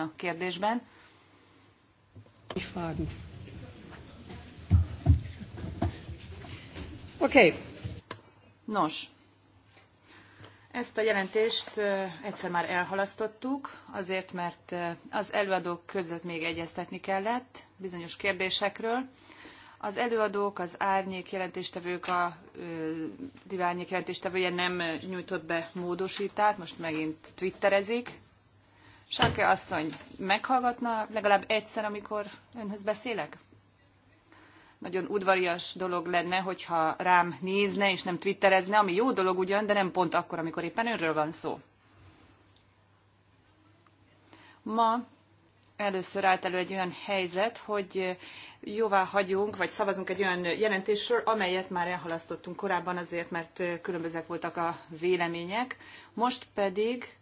a kérdésben. Oké. Nos, ezt a jelentést egyszer már elhalasztottuk, azért, mert az előadók között még egyeztetni kellett bizonyos kérdésekről. Az előadók, az árnyék jelentéstevők, a divárnyék jelentéstevője nem nyújtott be módosítát, most megint twitterezik. Sáke asszony, meghallgatna legalább egyszer, amikor önhöz beszélek? Nagyon udvarias dolog lenne, hogyha rám nézne és nem twitterezne, ami jó dolog ugyan, de nem pont akkor, amikor éppen önről van szó. Ma először állt elő egy olyan helyzet, hogy jóvá hagyunk, vagy szavazunk egy olyan jelentésről, amelyet már elhalasztottunk korábban azért, mert különbözőek voltak a vélemények. Most pedig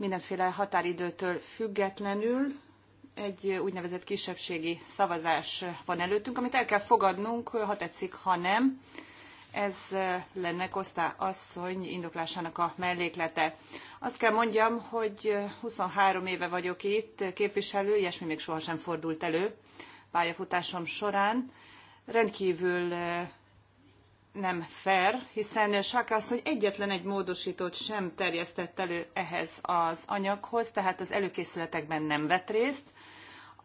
mindenféle határidőtől függetlenül egy úgynevezett kisebbségi szavazás van előttünk, amit el kell fogadnunk, ha tetszik, ha nem. Ez lenne Kosztá asszony indoklásának a melléklete. Azt kell mondjam, hogy 23 éve vagyok itt képviselő, ilyesmi még sohasem fordult elő pályafutásom során. Rendkívül nem fair, hiszen Saka azt, hogy egyetlen egy módosítót sem terjesztett elő ehhez az anyaghoz, tehát az előkészületekben nem vett részt.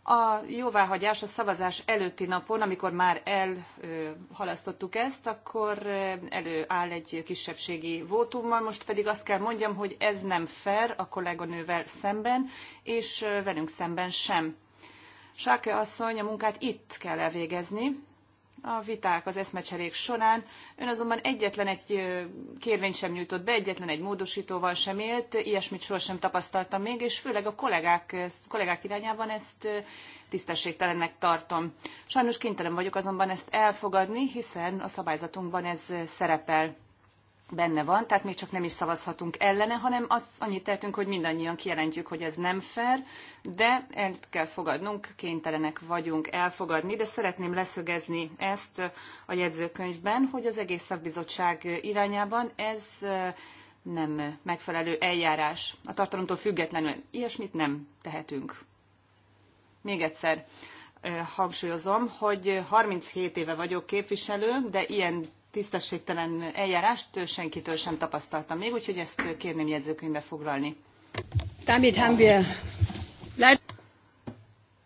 A jóváhagyás a szavazás előtti napon, amikor már elhalasztottuk ezt, akkor előáll egy kisebbségi vótummal, most pedig azt kell mondjam, hogy ez nem fair a kolléganővel szemben, és velünk szemben sem. Sáke asszony, a munkát itt kell elvégezni, a viták, az eszmecserék során. Ön azonban egyetlen egy kérvényt sem nyújtott be, egyetlen egy módosítóval sem élt, ilyesmit sohasem tapasztaltam még, és főleg a kollégák, kollégák irányában ezt tisztességtelennek tartom. Sajnos kénytelen vagyok azonban ezt elfogadni, hiszen a szabályzatunkban ez szerepel benne van, tehát még csak nem is szavazhatunk ellene, hanem az annyit tehetünk, hogy mindannyian kijelentjük, hogy ez nem fair, de el kell fogadnunk, kénytelenek vagyunk elfogadni, de szeretném leszögezni ezt a jegyzőkönyvben, hogy az egész szakbizottság irányában ez nem megfelelő eljárás. A tartalomtól függetlenül ilyesmit nem tehetünk. Még egyszer hangsúlyozom, hogy 37 éve vagyok képviselő, de ilyen tisztességtelen eljárást senkitől sem tapasztaltam még, úgyhogy ezt kérném jegyzőkönyvbe foglalni. Damit haben wir...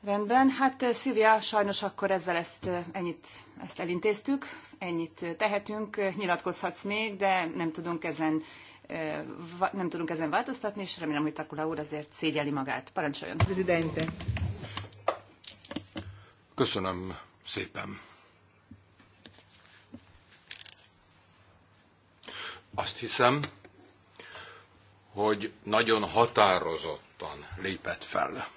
Rendben, hát eh, Szilvia, sajnos akkor ezzel ezt, eh, ennyit, ezt elintéztük, ennyit eh, tehetünk, nyilatkozhatsz még, de nem tudunk ezen nem tudunk ezen változtatni, és remélem, hogy Takula úr azért szégyeli magát. Parancsoljon! Presidente. Köszönöm szépen! Azt hiszem, hogy nagyon határozottan lépett fel.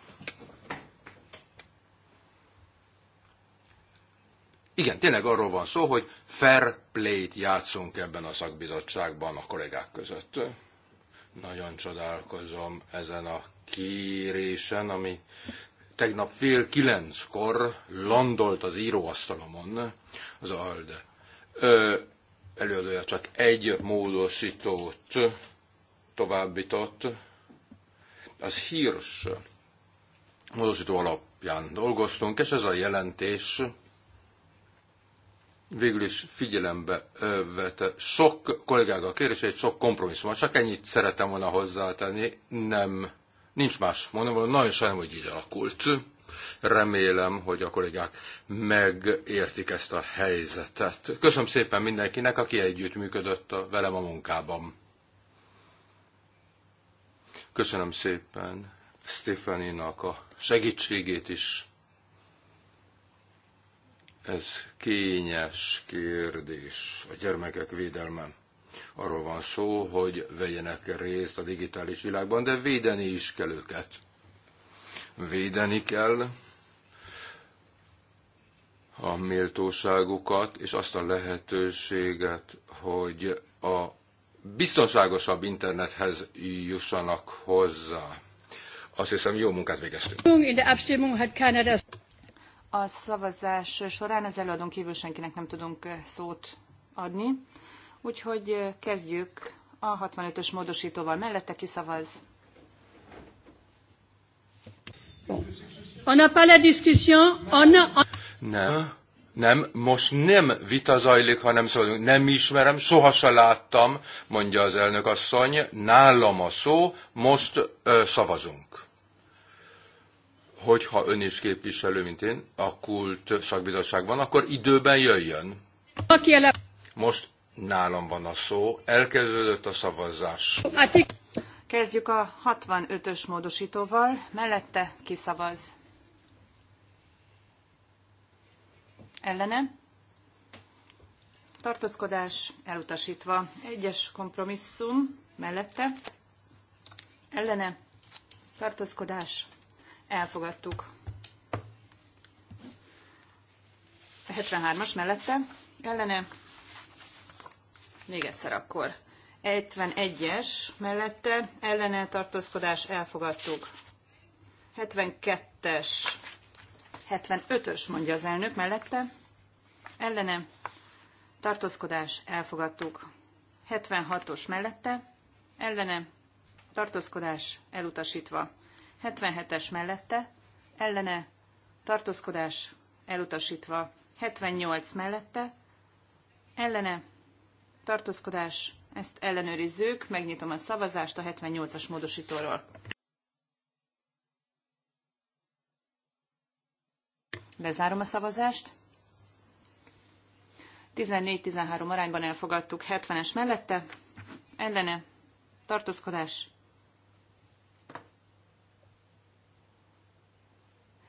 Igen, tényleg arról van szó, hogy fair play-t játszunk ebben a szakbizottságban a kollégák között. Nagyon csodálkozom ezen a kérésen, ami tegnap fél kilenckor landolt az íróasztalomon az ALDE előadója csak egy módosítót továbbított, az hírs módosító alapján dolgoztunk, és ez a jelentés végül is figyelembe vette sok kollégák a kérdését, sok kompromisszumot. Csak ennyit szeretem volna hozzátenni, nem, nincs más mondom, nagyon sajnálom, hogy így alakult. Remélem, hogy a kollégák megértik ezt a helyzetet. Köszönöm szépen mindenkinek, aki együttműködött a, velem a munkában. Köszönöm szépen Stephanie-nak a segítségét is. Ez kényes kérdés a gyermekek védelme. Arról van szó, hogy vegyenek részt a digitális világban, de védeni is kell őket védeni kell a méltóságukat, és azt a lehetőséget, hogy a biztonságosabb internethez jussanak hozzá. Azt hiszem, jó munkát végeztünk. A szavazás során az előadón kívül senkinek nem tudunk eh, szót adni, úgyhogy eh, kezdjük a 65-ös módosítóval mellette kiszavaz On n'a pas la discussion, on a... Nem, nem, most nem vita zajlik, hanem szólunk. Nem ismerem, soha se láttam, mondja az elnök asszony, nálam a szó, most ö, szavazunk. Hogyha ön is képviselő, mint én, a kult szakbizottságban, akkor időben jöjjön. Most nálam van a szó, elkezdődött a szavazás. Hát Kezdjük a 65-ös módosítóval, mellette kiszavaz. Ellene. Tartózkodás elutasítva. Egyes kompromisszum mellette. Ellene. Tartózkodás. Elfogadtuk. 73-as mellette. Ellene. Még egyszer akkor. 71-es mellette ellene tartózkodás elfogadtuk. 72-es, 75-ös mondja az elnök mellette. Ellene tartózkodás elfogadtuk. 76-os mellette. Ellene tartózkodás elutasítva. 77-es mellette. Ellene tartózkodás elutasítva. 78 mellette. Ellene tartózkodás ezt ellenőrizzük, megnyitom a szavazást a 78-as módosítóról. Lezárom a szavazást. 14-13 arányban elfogadtuk 70-es mellette, ellene tartózkodás.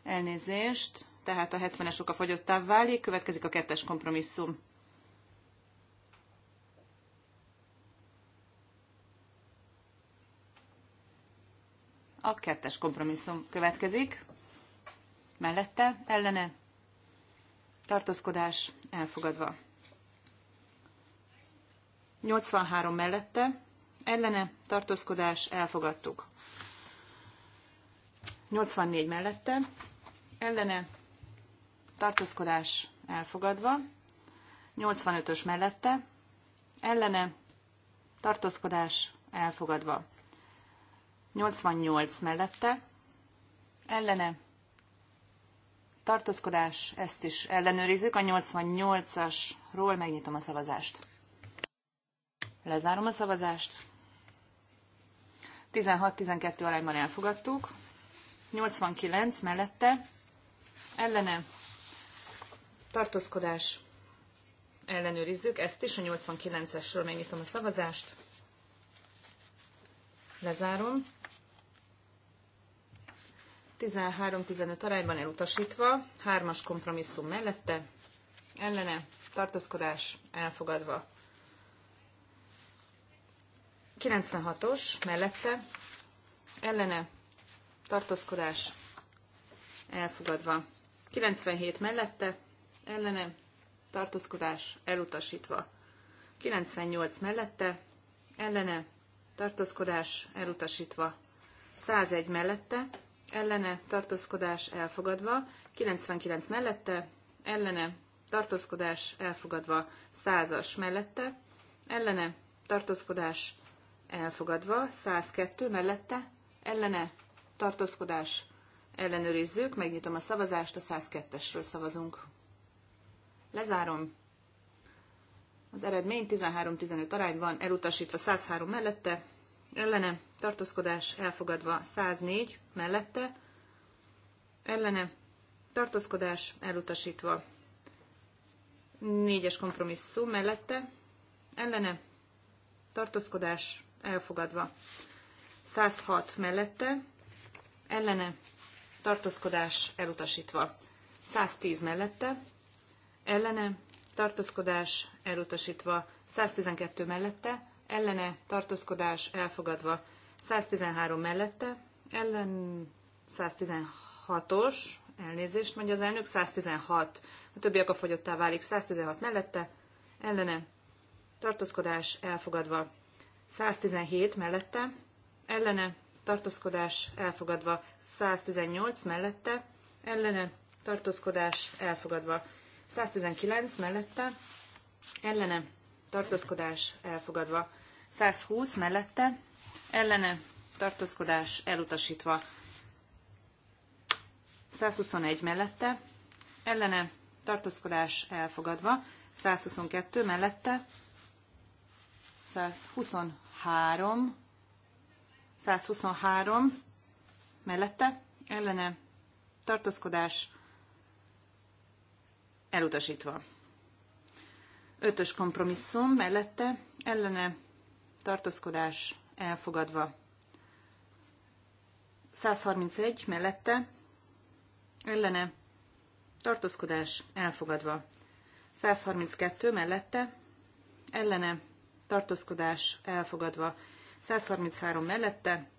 Elnézést, tehát a 70-es oka fogyottá válik, következik a kettes kompromisszum A kettes kompromisszum következik. Mellette, ellene, tartózkodás elfogadva. 83 mellette, ellene, tartózkodás elfogadtuk. 84 mellette, ellene, tartózkodás elfogadva. 85-ös mellette, ellene, tartózkodás elfogadva. 88 mellette, ellene, tartózkodás, ezt is ellenőrizzük, a 88-asról megnyitom a szavazást. Lezárom a szavazást. 16-12 arányban elfogadtuk. 89 mellette, ellene, tartózkodás, ellenőrizzük ezt is, a 89-esről megnyitom a szavazást. Lezárom. 13-15 arányban elutasítva, hármas kompromisszum mellette, ellene, tartózkodás elfogadva. 96-os mellette, ellene, tartózkodás elfogadva. 97 mellette, ellene, tartózkodás elutasítva. 98 mellette, ellene, tartózkodás elutasítva. 101 mellette, ellene tartózkodás elfogadva, 99 mellette, ellene tartózkodás elfogadva, 100-as mellette, ellene tartózkodás elfogadva, 102 mellette, ellene tartózkodás ellenőrizzük, megnyitom a szavazást, a 102-esről szavazunk. Lezárom. Az eredmény 13-15 arányban elutasítva 103 mellette, ellene tartózkodás elfogadva 104 mellette, ellene tartózkodás elutasítva 4-es kompromisszum mellette, ellene tartózkodás elfogadva 106 mellette, ellene tartózkodás elutasítva 110 mellette, ellene tartózkodás elutasítva 112 mellette, ellene tartózkodás elfogadva 113 mellette, ellen 116-os, elnézést mondja az elnök, 116, a többiek a fogyottá válik, 116 mellette, ellene, tartózkodás elfogadva, 117 mellette, ellene, tartózkodás elfogadva, 118 mellette, ellene, tartózkodás elfogadva, 119 mellette, ellene, tartózkodás elfogadva, 120 mellette, ellene tartózkodás elutasítva. 121 mellette ellene tartózkodás elfogadva. 122 mellette 123 123 mellette ellene tartózkodás elutasítva. Ötös kompromisszum mellette ellene tartózkodás elfogadva. 131 mellette, ellene, tartózkodás, elfogadva. 132 mellette, ellene, tartózkodás, elfogadva. 133 mellette,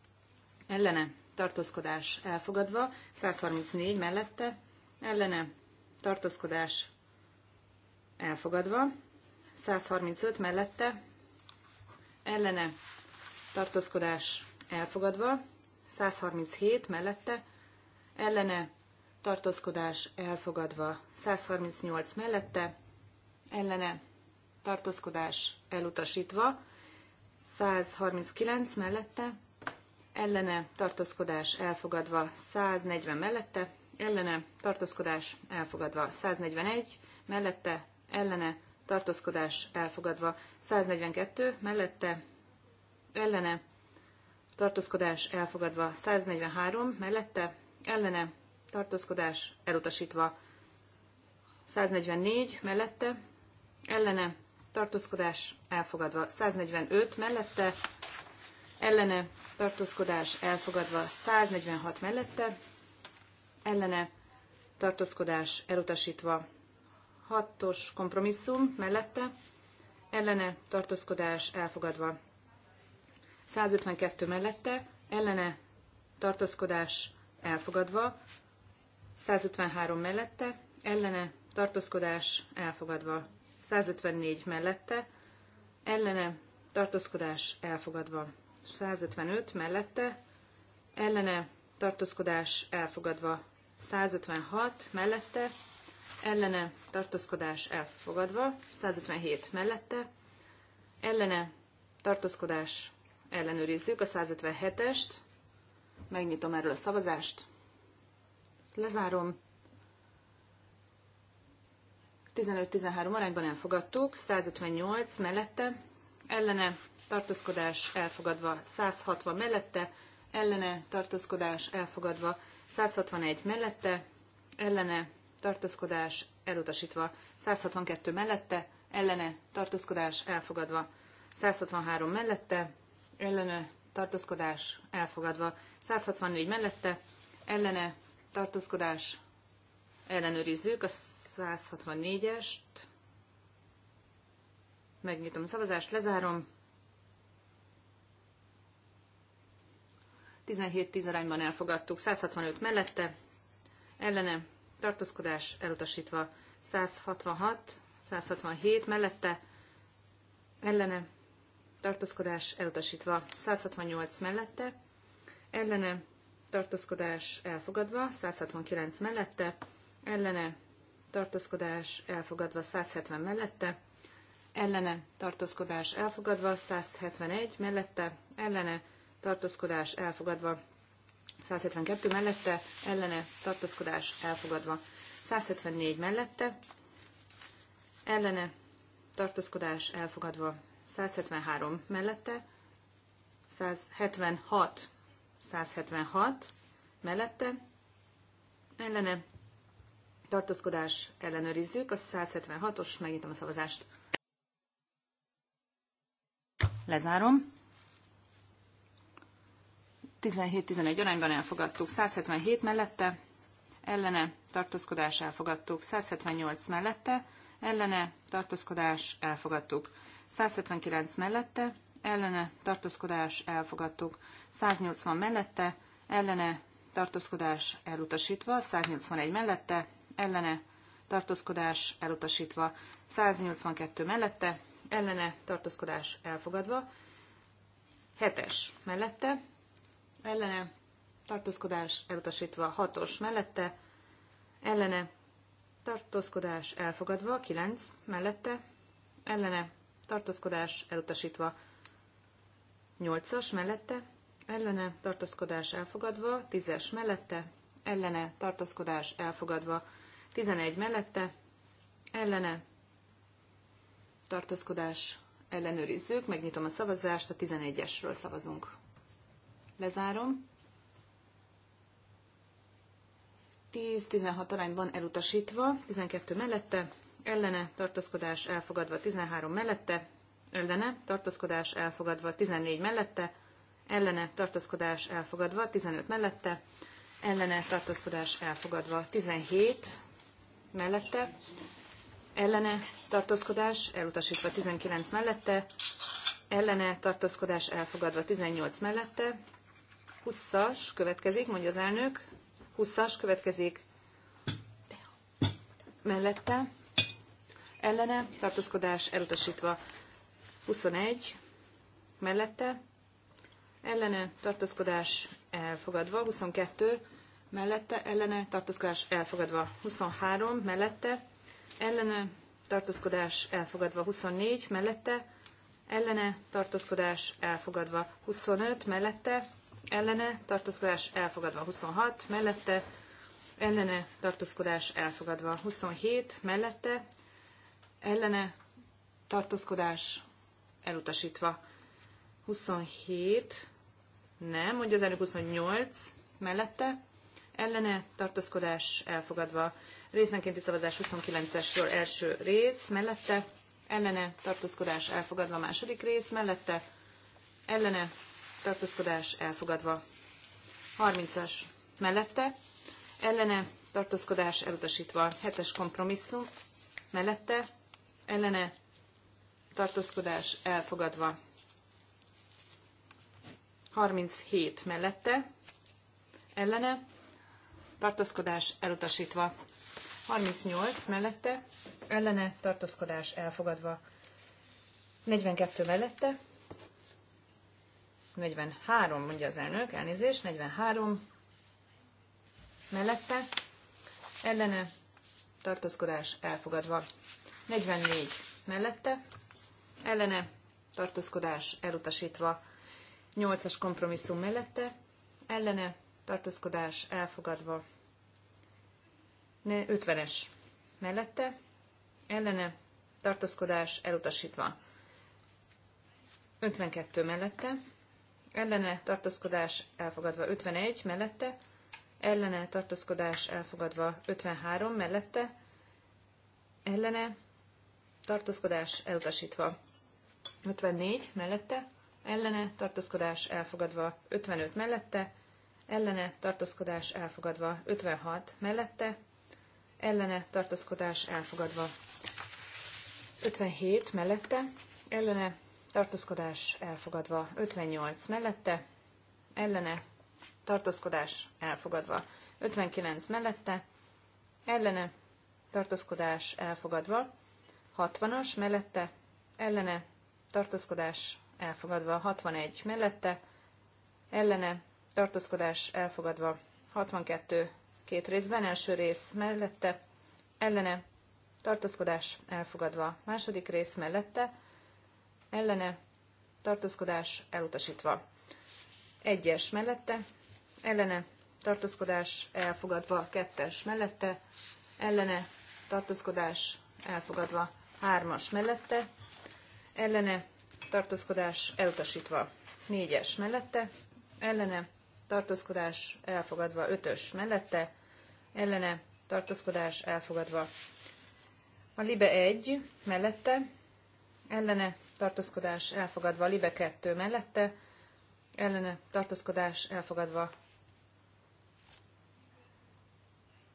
ellene, tartózkodás, elfogadva. 134 mellette, ellene, tartózkodás, elfogadva. 135 mellette, ellene, tartózkodás elfogadva, 137 mellette, ellene tartózkodás elfogadva, 138 mellette, ellene tartózkodás elutasítva, 139 mellette, ellene tartózkodás elfogadva, 140 mellette, ellene tartózkodás elfogadva, 141 mellette, ellene tartózkodás elfogadva, 142 mellette, ellene, tartózkodás elfogadva 143, mellette, ellene, tartózkodás elutasítva 144, mellette, ellene, tartózkodás elfogadva 145, mellette, ellene, tartózkodás elfogadva 146 mellette, ellene, tartózkodás elutasítva 6-os kompromisszum mellette, ellene, tartózkodás elfogadva 152 mellette, ellene tartózkodás elfogadva, 153 mellette, ellene tartózkodás elfogadva, 154 mellette, ellene tartózkodás elfogadva, 155 mellette, ellene tartózkodás elfogadva, 156 mellette, ellene tartózkodás elfogadva, 157 mellette, ellene tartózkodás ellenőrizzük a 157-est, megnyitom erről a szavazást, lezárom, 15-13 arányban elfogadtuk, 158 mellette, ellene tartózkodás elfogadva, 160 mellette, ellene tartózkodás elfogadva, 161 mellette, ellene tartózkodás elutasítva, 162 mellette, ellene tartózkodás elfogadva, 163 mellette, ellene tartózkodás elfogadva, 164 mellette ellene tartózkodás ellenőrizzük a 164-est. Megnyitom a szavazást, lezárom. 17-10 arányban elfogadtuk, 165 mellette, ellene, tartózkodás elutasítva, 166, 167 mellette, ellene, tartózkodás elutasítva. 168 mellette, ellene tartózkodás elfogadva, 169 mellette, ellene tartózkodás elfogadva, 170 mellette, ellene tartózkodás elfogadva, 171 mellette, ellene tartózkodás elfogadva, 172 mellette, ellene tartózkodás elfogadva, 174 mellette, ellene tartózkodás elfogadva, 173 mellette, 176, 176 mellette, ellene, tartózkodás ellenőrizzük, a 176-os, megnyitom a szavazást. Lezárom. 17-11 arányban elfogadtuk, 177 mellette, ellene, tartózkodás elfogadtuk, 178 mellette, ellene, tartózkodás elfogadtuk. 159 mellette, ellene tartózkodás elfogadtuk. 180 mellette, ellene tartózkodás elutasítva, 181 mellette, ellene tartózkodás elutasítva, 182 mellette, ellene tartózkodás elfogadva, 7-es mellette, ellene tartózkodás elutasítva, 6-os mellette, ellene tartózkodás elfogadva, 9 mellette, ellene tartózkodás elutasítva. 8-as mellette, ellene tartózkodás elfogadva, 10-es mellette, ellene tartózkodás elfogadva, 11 mellette, ellene tartózkodás ellenőrizzük, megnyitom a szavazást, a 11-esről szavazunk. Lezárom. 10-16 arányban elutasítva, 12 mellette, ellene tartózkodás elfogadva 13 mellette, ellene tartózkodás elfogadva 14 mellette, ellene tartózkodás elfogadva 15 mellette, ellene tartózkodás elfogadva 17 mellette, ellene tartózkodás elutasítva 19 mellette, ellene tartózkodás elfogadva 18 mellette, 20-as következik, mondja az elnök, 20-as következik mellette, ellene, tartózkodás elutasítva 21 mellette, ellene, tartózkodás elfogadva 22 mellette, ellene, tartózkodás elfogadva 23 mellette, ellene, tartózkodás elfogadva 24 mellette, ellene, tartózkodás elfogadva 25 mellette, ellene, tartózkodás elfogadva 26 mellette, ellene tartózkodás elfogadva. 27 mellette ellene tartózkodás elutasítva. 27, nem, mondja az elnök 28, mellette ellene tartózkodás elfogadva. Részenkénti szavazás 29-esről első rész, mellette ellene tartózkodás elfogadva, második rész, mellette ellene tartózkodás elfogadva. 30-as mellette ellene tartózkodás elutasítva. 7-es kompromisszum mellette ellene tartózkodás elfogadva. 37 mellette ellene tartózkodás elutasítva. 38 mellette ellene tartózkodás elfogadva. 42 mellette 43, mondja az elnök, elnézést, 43 mellette ellene tartózkodás elfogadva. 44 mellette, ellene, tartózkodás elutasítva. 8-as kompromisszum mellette, ellene, tartózkodás elfogadva. 50-es mellette, ellene, tartózkodás elutasítva. 52 mellette, ellene tartózkodás elfogadva 51 mellette, ellene tartózkodás elfogadva 53 mellette, ellene tartózkodás elutasítva. 54 mellette, ellene tartózkodás elfogadva. 55 mellette, ellene tartózkodás elfogadva. 56 mellette, ellene tartózkodás elfogadva. 57 mellette, ellene tartózkodás elfogadva. 58 mellette, ellene tartózkodás elfogadva. 59 mellette, ellene tartózkodás elfogadva. 60-as mellette ellene tartózkodás elfogadva, 61 mellette ellene tartózkodás elfogadva, 62 két részben, első rész mellette ellene tartózkodás elfogadva, második rész mellette ellene tartózkodás elutasítva, egyes mellette ellene tartózkodás elfogadva, kettes mellette ellene tartózkodás elfogadva. 3-as mellette, ellene tartózkodás elutasítva. 4-es mellette, ellene tartózkodás elfogadva. 5-ös mellette, ellene tartózkodás elfogadva. A libe 1 mellette, ellene tartózkodás elfogadva. A libe 2 mellette, ellene tartózkodás elfogadva.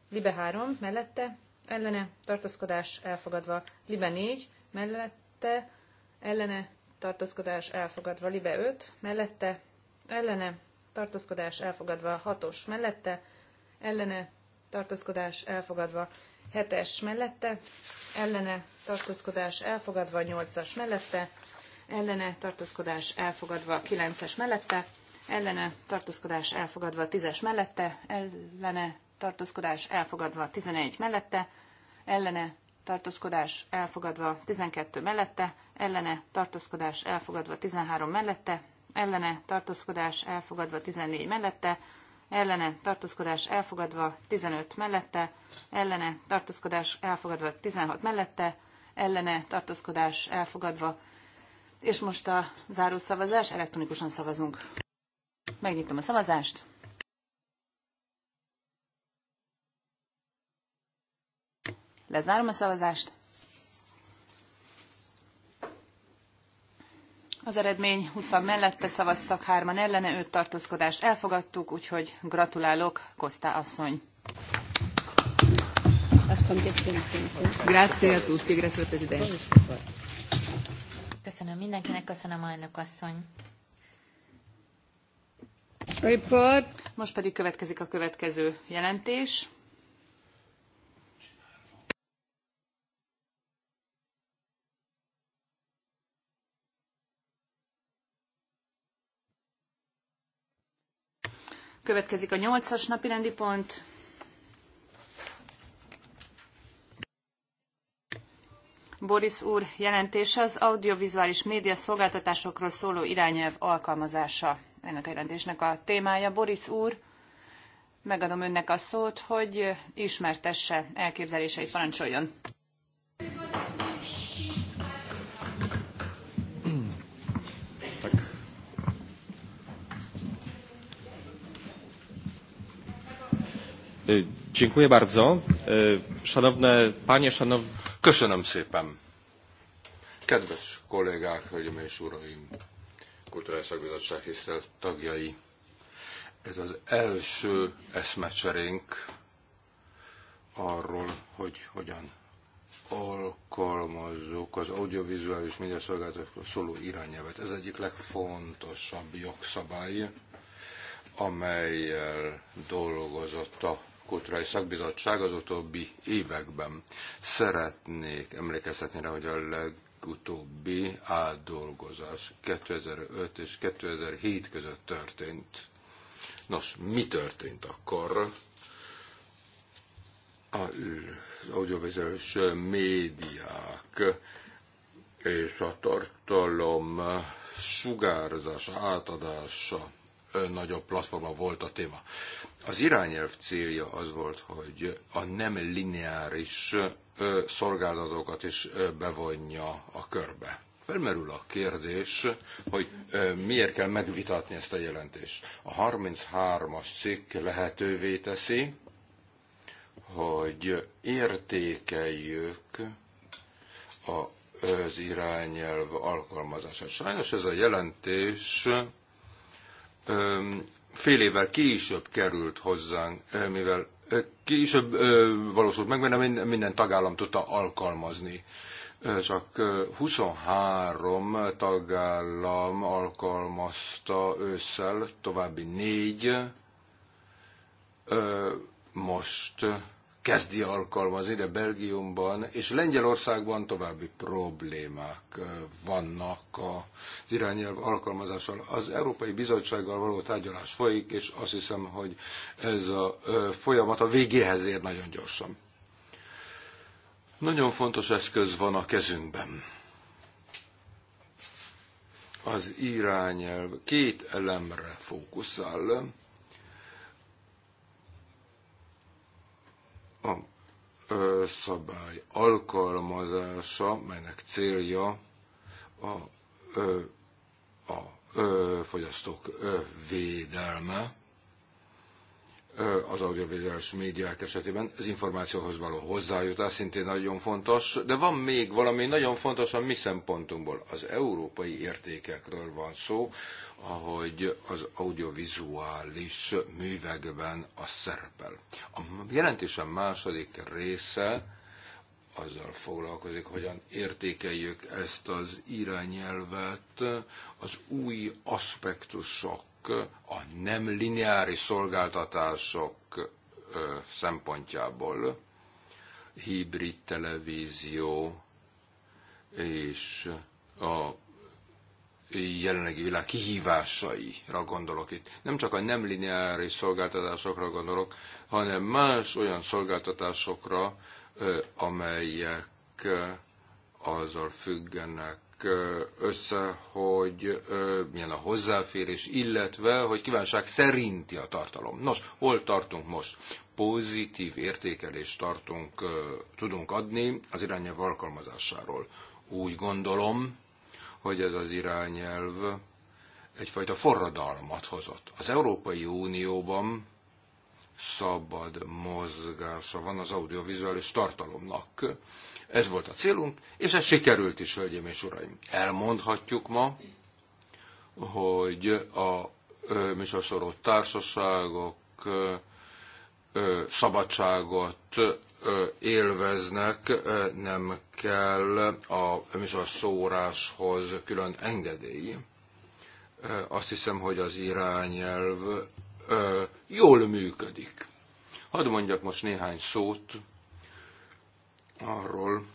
Libe 3 mellette, ellene tartózkodás elfogadva, libe 4, mellette ellene tartózkodás elfogadva, libe 5, mellette ellene tartózkodás elfogadva, 6-os mellette ellene tartózkodás elfogadva, 7-es mellette ellene tartózkodás elfogadva, 8-as mellette ellene tartózkodás elfogadva, 9-es mellette ellene tartózkodás elfogadva, 10-es mellette ellene tartózkodás elfogadva 11 mellette, ellene tartózkodás elfogadva 12 mellette, ellene tartózkodás elfogadva 13 mellette, ellene tartózkodás elfogadva 14 mellette, ellene tartózkodás elfogadva 15 mellette, ellene tartózkodás elfogadva 16 mellette, ellene tartózkodás elfogadva. És most a zárószavazás, elektronikusan szavazunk. Megnyitom a szavazást. Lezárom a szavazást. Az eredmény 20 mellette szavaztak, hárman ellene, 5 tartózkodást elfogadtuk, úgyhogy gratulálok, Kosztá asszony. Grazie a tutti, grazie al Presidente. Köszönöm mindenkinek, köszönöm elnök asszony. Report. Most pedig következik a következő jelentés. Következik a nyolcas napirendi pont. Boris úr jelentése az audiovizuális média szolgáltatásokról szóló irányelv alkalmazása. Ennek a jelentésnek a témája. Boris úr, megadom önnek a szót, hogy ismertesse elképzeléseit parancsoljon. E, dziękuję bardzo. E, szanowne panie, szanowni... Köszönöm szépen. Kedves kollégák, hölgyeim és uraim, Kulturális Szakbizottság tisztelt tagjai, ez az első eszmecserénk arról, hogy hogyan alkalmazzuk az audiovizuális médiaszolgáltatásról szóló irányelvet. Ez egyik legfontosabb jogszabály, amelyel dolgozott a Kulturális Szakbizottság az utóbbi években. Szeretnék emlékeztetni rá, hogy a legutóbbi átdolgozás 2005 és 2007 között történt. Nos, mi történt akkor? Az audiovizuális médiák és a tartalom sugárzása, átadása nagyobb platforma volt a téma. Az irányelv célja az volt, hogy a nem lineáris szolgáltatókat is bevonja a körbe. Felmerül a kérdés, hogy miért kell megvitatni ezt a jelentést. A 33-as cikk lehetővé teszi, hogy értékeljük az irányelv alkalmazását. Sajnos ez a jelentés fél évvel később került hozzánk, eh, mivel eh, később eh, valósult meg, mert minden tagállam tudta alkalmazni. Csak 23 tagállam alkalmazta ősszel, további négy most kezdi alkalmazni, de Belgiumban és Lengyelországban további problémák vannak az irányelv alkalmazással. Az Európai Bizottsággal való tárgyalás folyik, és azt hiszem, hogy ez a folyamat a végéhez ér nagyon gyorsan. Nagyon fontos eszköz van a kezünkben. Az irányelv két elemre fókuszál a szabály alkalmazása, melynek célja a, a, a fogyasztók védelme az audiovizuális médiák esetében. Az információhoz való hozzájutás szintén nagyon fontos, de van még valami nagyon fontos a mi szempontunkból. Az európai értékekről van szó, ahogy az audiovizuális művekben a szerepel. A jelentésem második része azzal foglalkozik, hogyan értékeljük ezt az irányelvet az új aspektusok, a nem lineáris szolgáltatások szempontjából, hibrid televízió és a jelenlegi világ kihívásaira gondolok itt. Nem csak a nem lineáris szolgáltatásokra gondolok, hanem más olyan szolgáltatásokra, amelyek azzal függenek össze, hogy milyen a hozzáférés, illetve, hogy kívánság szerinti a tartalom. Nos, hol tartunk most? Pozitív értékelést tartunk, tudunk adni az irányelv alkalmazásáról. Úgy gondolom, hogy ez az irányelv egyfajta forradalmat hozott. Az Európai Unióban szabad mozgása van az audiovizuális tartalomnak. Ez volt a célunk, és ez sikerült is, hölgyeim és uraim. Elmondhatjuk ma, hogy a műsorszoró társaságok szabadságot élveznek, nem kell a, nem is a szóráshoz külön engedély. Azt hiszem, hogy az irányelv jól működik. Hadd mondjak most néhány szót arról,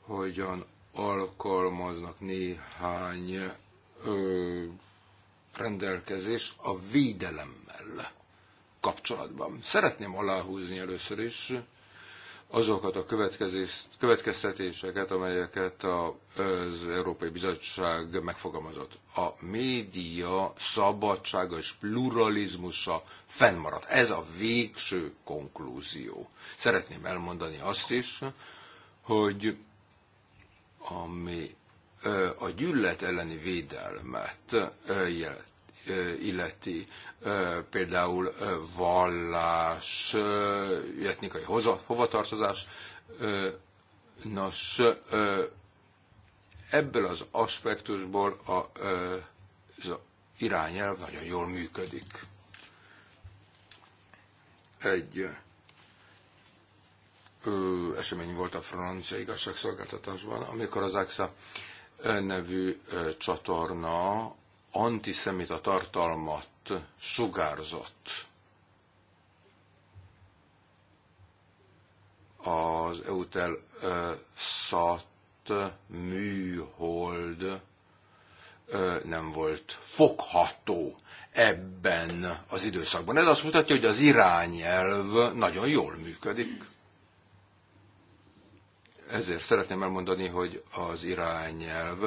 hogyan alkalmaznak néhány rendelkezést a védelemmel kapcsolatban. Szeretném aláhúzni először is azokat a következtetéseket, amelyeket az Európai Bizottság megfogalmazott. A média szabadsága és pluralizmusa fennmaradt. Ez a végső konklúzió. Szeretném elmondani azt is, hogy ami a gyűlölet elleni védelmet jelent illeti, például vallás, etnikai hovatartozás. Nos, ebből az aspektusból a, az irányelv nagyon jól működik. Egy ö, esemény volt a francia igazságszolgáltatásban, amikor az AXA nevű ö, csatorna antiszemita tartalmat sugárzott az EUTEL szat műhold nem volt fogható ebben az időszakban. Ez azt mutatja, hogy az irányelv nagyon jól működik. Ezért szeretném elmondani, hogy az irányelv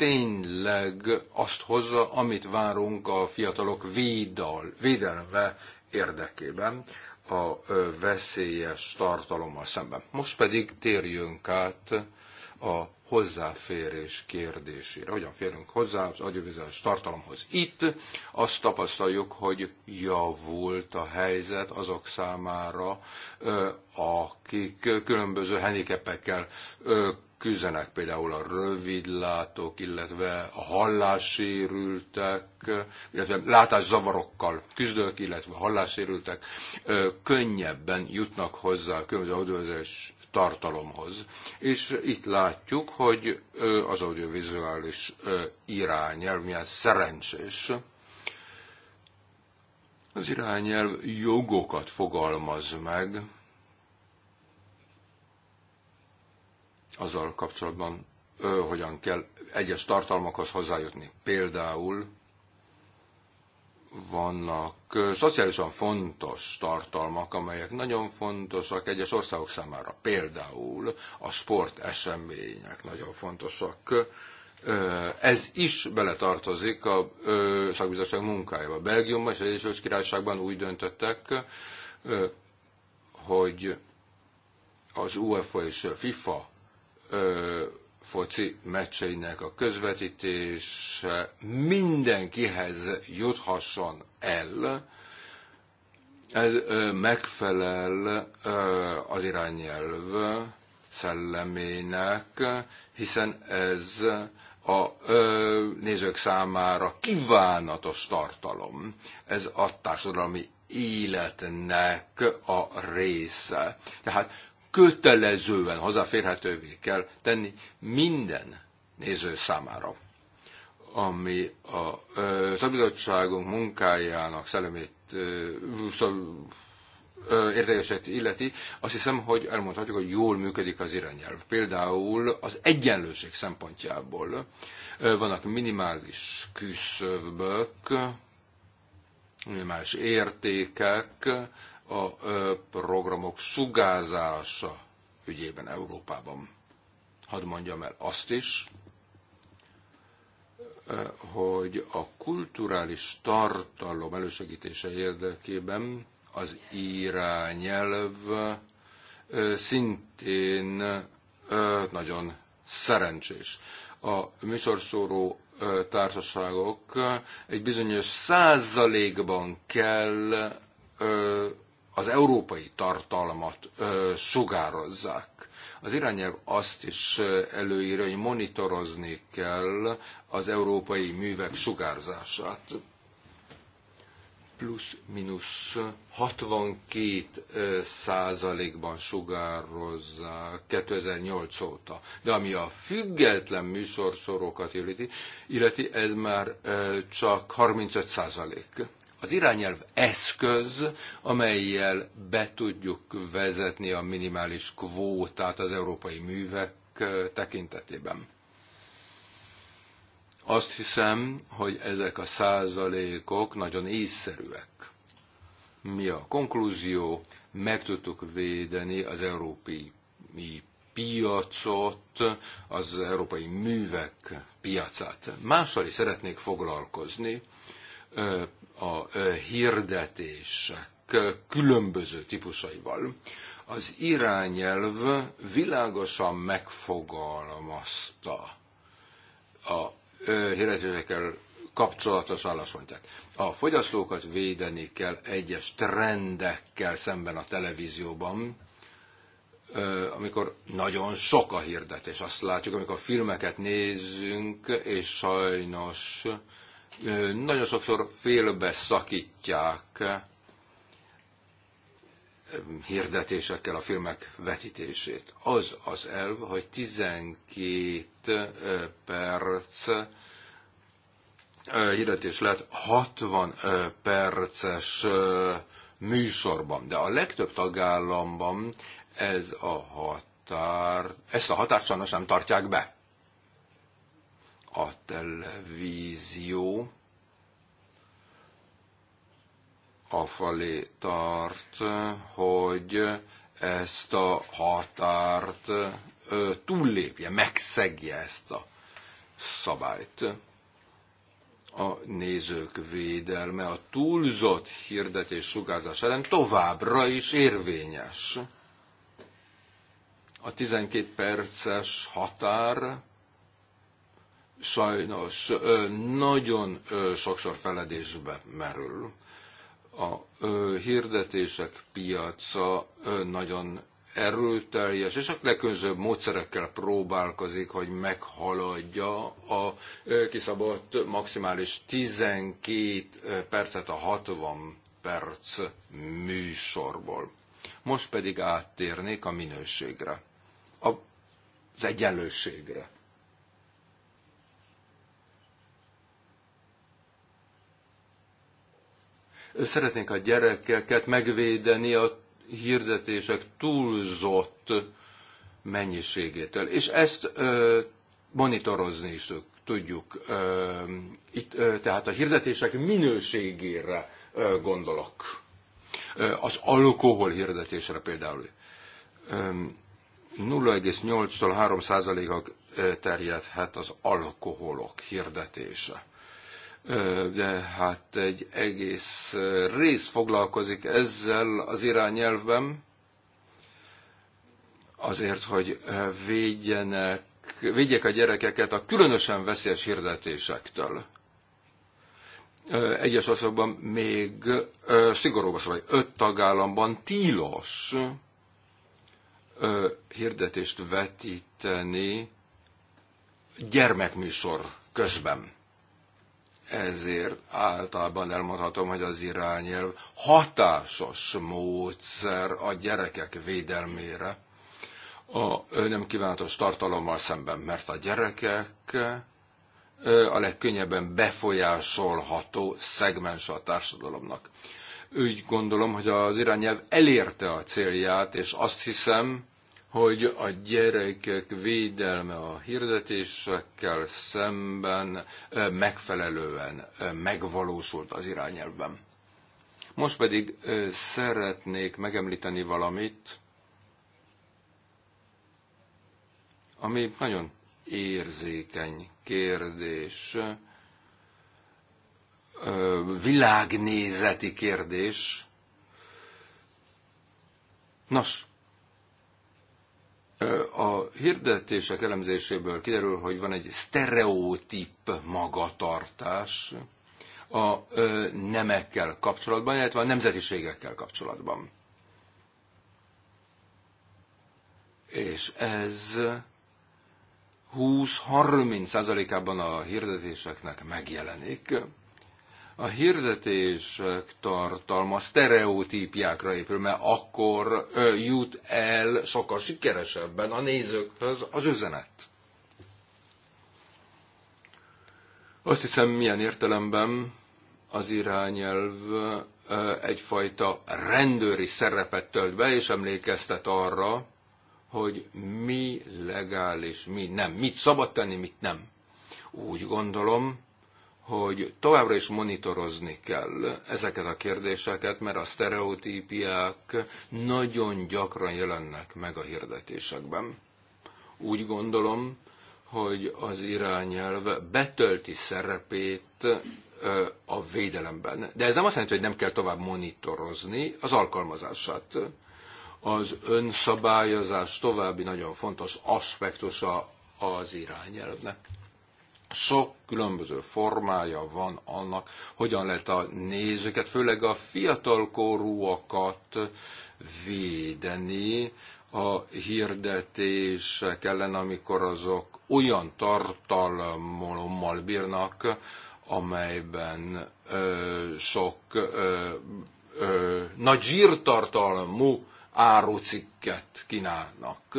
tényleg azt hozza, amit várunk a fiatalok védal, védelme érdekében a veszélyes tartalommal szemben. Most pedig térjünk át a hozzáférés kérdésére. Hogyan férünk hozzá az audiovizuális tartalomhoz? Itt azt tapasztaljuk, hogy javult a helyzet azok számára, akik különböző henikepekkel küzdenek, például a rövidlátók, illetve a hallássérültek, illetve látászavarokkal küzdők, illetve hallássérültek könnyebben jutnak hozzá a különböző adózás tartalomhoz. És itt látjuk, hogy az audiovizuális irányelv milyen szerencsés. Az irányelv jogokat fogalmaz meg, azzal kapcsolatban, ö, hogyan kell egyes tartalmakhoz hozzájutni. Például vannak szociálisan fontos tartalmak, amelyek nagyon fontosak egyes országok számára. Például a sport események nagyon fontosak. ez is beletartozik a szakbizottság munkájába. Belgiumban és az Egyesült Királyságban úgy döntöttek, hogy az UEFA és FIFA ö, foci meccseinek a közvetítése mindenkihez juthasson el, ez ö, megfelel ö, az irányelv szellemének, hiszen ez a ö, nézők számára kívánatos tartalom. Ez a társadalmi életnek a része. Tehát kötelezően hozzáférhetővé kell tenni minden néző számára ami a szabadságunk munkájának szellemét értékeset illeti, azt hiszem, hogy elmondhatjuk, hogy jól működik az irányelv. Például az egyenlőség szempontjából vannak minimális küszöbök, minimális értékek, a programok sugázása ügyében Európában. Hadd mondjam el azt is, hogy a kulturális tartalom elősegítése érdekében az irányelv szintén nagyon szerencsés. A műsorszóró társaságok egy bizonyos százalékban kell az európai tartalmat sugározzák. Az irányelv azt is előírja, hogy monitorozni kell az európai művek sugárzását. Plusz-minusz 62 százalékban sugározza 2008 óta. De ami a független műsorszorokat illeti, illeti ez már csak 35 százalék az irányelv eszköz, amelyel be tudjuk vezetni a minimális kvótát az európai művek tekintetében. Azt hiszem, hogy ezek a százalékok nagyon észszerűek. Mi a konklúzió? Meg tudtuk védeni az európai mi piacot, az európai művek piacát. Mással is szeretnék foglalkozni, a hirdetések különböző típusaival. Az irányelv világosan megfogalmazta a hirdetésekkel kapcsolatos álláspontját. A fogyasztókat védeni kell egyes trendekkel szemben a televízióban, amikor nagyon sok a hirdetés. Azt látjuk, amikor filmeket nézzünk, és sajnos nagyon sokszor félbe szakítják hirdetésekkel a filmek vetítését. Az az elv, hogy 12 perc hirdetés lett 60 perces műsorban, de a legtöbb tagállamban ez a határ, ezt a határt sajnos nem tartják be a televízió afelé tart, hogy ezt a határt túllépje, megszegje ezt a szabályt. A nézők védelme a túlzott hirdetés sugárzás ellen továbbra is érvényes. A 12 perces határ sajnos nagyon sokszor feledésbe merül. A hirdetések piaca nagyon erőteljes, és a legkönzőbb módszerekkel próbálkozik, hogy meghaladja a kiszabott maximális 12 percet a 60 perc műsorból. Most pedig áttérnék a minőségre, az egyenlőségre Szeretnénk a gyerekeket megvédeni a hirdetések túlzott mennyiségétől. És ezt ö, monitorozni is tudjuk. Ö, itt, ö, tehát a hirdetések minőségére ö, gondolok. Ö, az alkohol hirdetésre például. 0,8-tól 3 százalékig terjedhet az alkoholok hirdetése de hát egy egész rész foglalkozik ezzel az irányelvben, azért, hogy védjenek, védjék a gyerekeket a különösen veszélyes hirdetésektől. Egyes országban még szigorúbb az, vagy öt tagállamban tilos hirdetést vetíteni gyermekműsor közben ezért általában elmondhatom, hogy az irányelv hatásos módszer a gyerekek védelmére a nem kívánatos tartalommal szemben, mert a gyerekek a legkönnyebben befolyásolható szegmens a társadalomnak. Úgy gondolom, hogy az irányelv elérte a célját, és azt hiszem, hogy a gyerekek védelme a hirdetésekkel szemben megfelelően megvalósult az irányelvben. Most pedig szeretnék megemlíteni valamit, ami nagyon érzékeny kérdés, világnézeti kérdés. Nos, a hirdetések elemzéséből kiderül, hogy van egy sztereotíp magatartás a nemekkel kapcsolatban, illetve a nemzetiségekkel kapcsolatban. És ez 20-30 százalékában a hirdetéseknek megjelenik a hirdetés tartalma sztereotípiákra épül, mert akkor jut el sokkal sikeresebben a nézőkhöz az üzenet. Azt hiszem, milyen értelemben az irányelv egyfajta rendőri szerepet tölt be, és emlékeztet arra, hogy mi legális, mi nem, mit szabad tenni, mit nem. Úgy gondolom, hogy továbbra is monitorozni kell ezeket a kérdéseket, mert a sztereotípiák nagyon gyakran jelennek meg a hirdetésekben. Úgy gondolom, hogy az irányelv betölti szerepét a védelemben. De ez nem azt jelenti, hogy nem kell tovább monitorozni az alkalmazását. Az önszabályozás további nagyon fontos aspektusa az irányelvnek sok különböző formája van annak, hogyan lehet a nézőket, főleg a fiatalkorúakat védeni a hirdetések ellen, amikor azok olyan tartalommal bírnak, amelyben ö, sok ö, ö, nagy zsírtartalmú árucikket kínálnak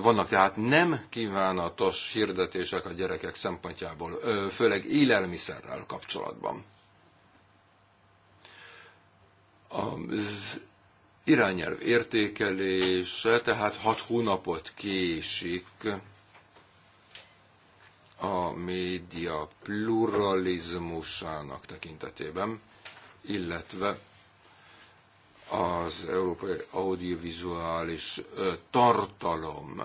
vannak tehát nem kívánatos hirdetések a gyerekek szempontjából, főleg élelmiszerrel kapcsolatban. Az irányelv értékelése, tehát hat hónapot késik a média pluralizmusának tekintetében, illetve az európai audiovizuális tartalom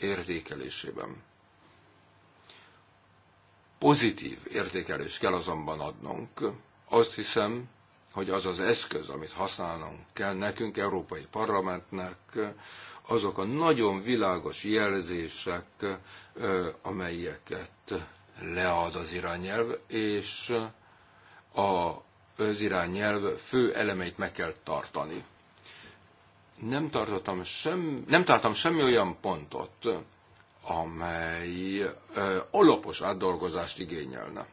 értékelésében. Pozitív értékelést kell azonban adnunk. Azt hiszem, hogy az az eszköz, amit használnunk kell nekünk, Európai Parlamentnek, azok a nagyon világos jelzések, amelyeket lead az irányelv, és a közirányelv fő elemeit meg kell tartani. Nem, tartottam sem, nem tartom semmi olyan pontot, amely ö, alapos átdolgozást igényelne.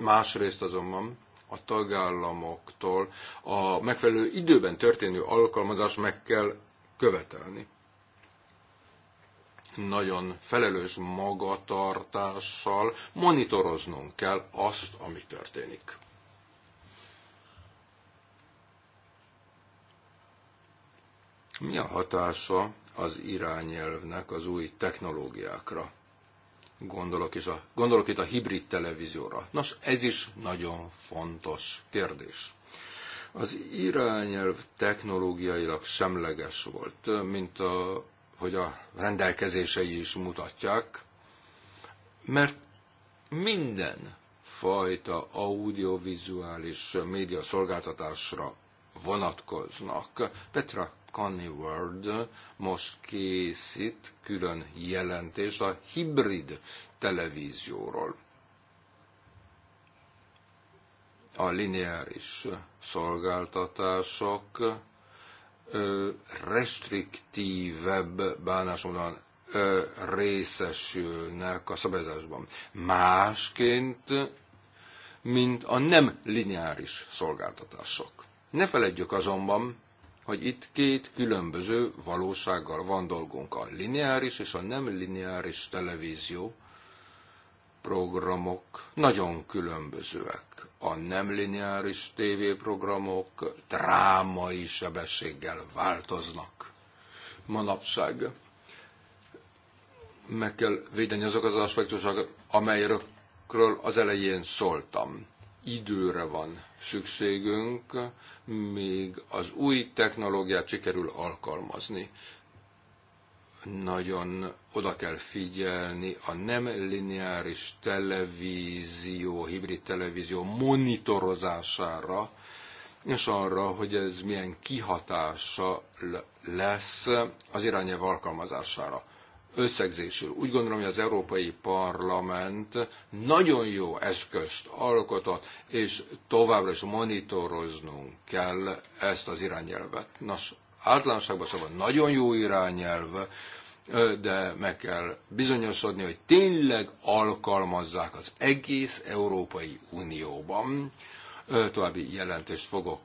Másrészt azonban a tagállamoktól a megfelelő időben történő alkalmazást meg kell követelni. Nagyon felelős magatartással monitoroznunk kell azt, ami történik. Mi a hatása az irányelvnek az új technológiákra? Gondolok, is a, gondolok itt a hibrid televízióra. Nos, ez is nagyon fontos kérdés. Az irányelv technológiailag semleges volt, mint a, hogy a rendelkezései is mutatják, mert minden fajta audiovizuális média szolgáltatásra vonatkoznak. Petra Connie World most készít külön jelentést a hibrid televízióról. A lineáris szolgáltatások restriktívebb bánásmódon részesülnek a szabályzásban Másként, mint a nem lineáris szolgáltatások. Ne feledjük azonban, hogy itt két különböző valósággal van dolgunk, a lineáris és a nem lineáris televízió programok nagyon különbözőek. A nem lineáris tévéprogramok drámai sebességgel változnak. Manapság meg kell védeni azokat az aspektusokat, amelyekről az elején szóltam időre van szükségünk, míg az új technológiát sikerül alkalmazni. Nagyon oda kell figyelni a nem lineáris televízió, hibrid televízió monitorozására, és arra, hogy ez milyen kihatása lesz az irányelv alkalmazására összegzésül. Úgy gondolom, hogy az Európai Parlament nagyon jó eszközt alkotott, és továbbra is monitoroznunk kell ezt az irányelvet. Nos, általánosságban szóval nagyon jó irányelv, de meg kell bizonyosodni, hogy tényleg alkalmazzák az egész Európai Unióban. További jelentést fogok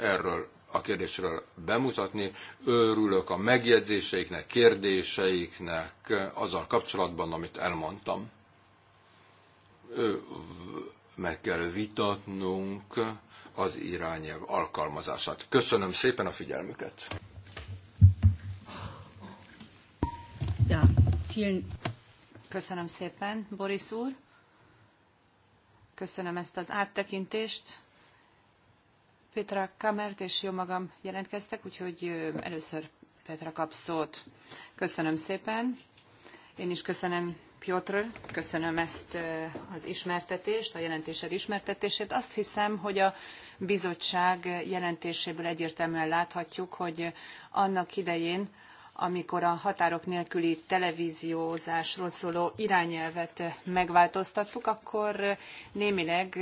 erről a kérdésről bemutatni. Örülök a megjegyzéseiknek, kérdéseiknek azzal kapcsolatban, amit elmondtam. Meg kell vitatnunk az irányelv alkalmazását. Köszönöm szépen a figyelmüket! Ja, Köszönöm szépen, Boris úr! Köszönöm ezt az áttekintést Petra Kamert és jó magam jelentkeztek, úgyhogy először Petra kap szót. Köszönöm szépen. Én is köszönöm Piotr, köszönöm ezt az ismertetést, a jelentésed ismertetését. Azt hiszem, hogy a bizottság jelentéséből egyértelműen láthatjuk, hogy annak idején, amikor a határok nélküli televíziózásról szóló irányelvet megváltoztattuk, akkor némileg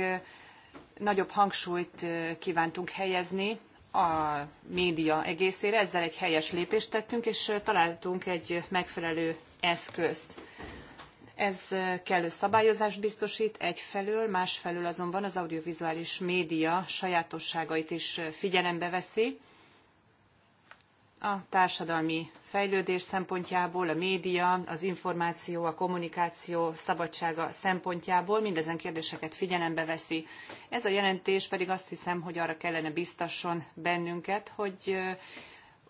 nagyobb hangsúlyt kívántunk helyezni a média egészére. Ezzel egy helyes lépést tettünk, és találtunk egy megfelelő eszközt. Ez kellő szabályozást biztosít egyfelől, másfelől azonban az audiovizuális média sajátosságait is figyelembe veszi, a társadalmi fejlődés szempontjából, a média, az információ, a kommunikáció szabadsága szempontjából mindezen kérdéseket figyelembe veszi. Ez a jelentés pedig azt hiszem, hogy arra kellene biztasson bennünket, hogy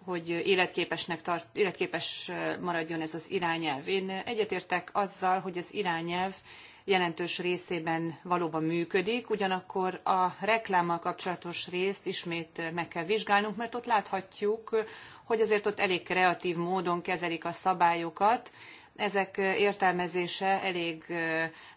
hogy életképesnek tart, életképes maradjon ez az irányelv. Én egyetértek azzal, hogy az irányelv jelentős részében valóban működik, ugyanakkor a reklámmal kapcsolatos részt ismét meg kell vizsgálnunk, mert ott láthatjuk, hogy azért ott elég kreatív módon kezelik a szabályokat, ezek értelmezése elég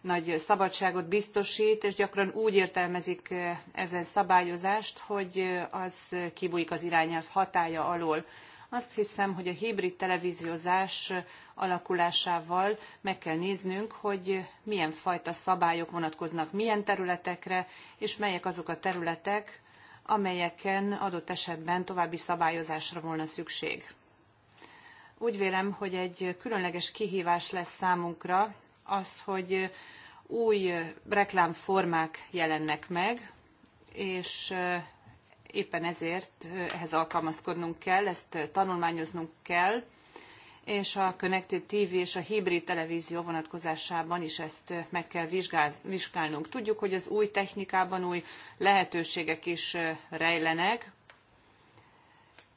nagy szabadságot biztosít, és gyakran úgy értelmezik ezen szabályozást, hogy az kibújik az irányelv hatálya alól. Azt hiszem, hogy a hibrid televíziózás alakulásával meg kell néznünk, hogy milyen fajta szabályok vonatkoznak milyen területekre, és melyek azok a területek, amelyeken adott esetben további szabályozásra volna szükség. Úgy vélem, hogy egy különleges kihívás lesz számunkra az, hogy új reklámformák jelennek meg, és eh, éppen ezért eh, ehhez alkalmazkodnunk kell, ezt eh, tanulmányoznunk kell, és a Connected TV és a hibrid televízió vonatkozásában is ezt meg kell vizsgálnunk. Tudjuk, hogy az új technikában új lehetőségek is rejlenek,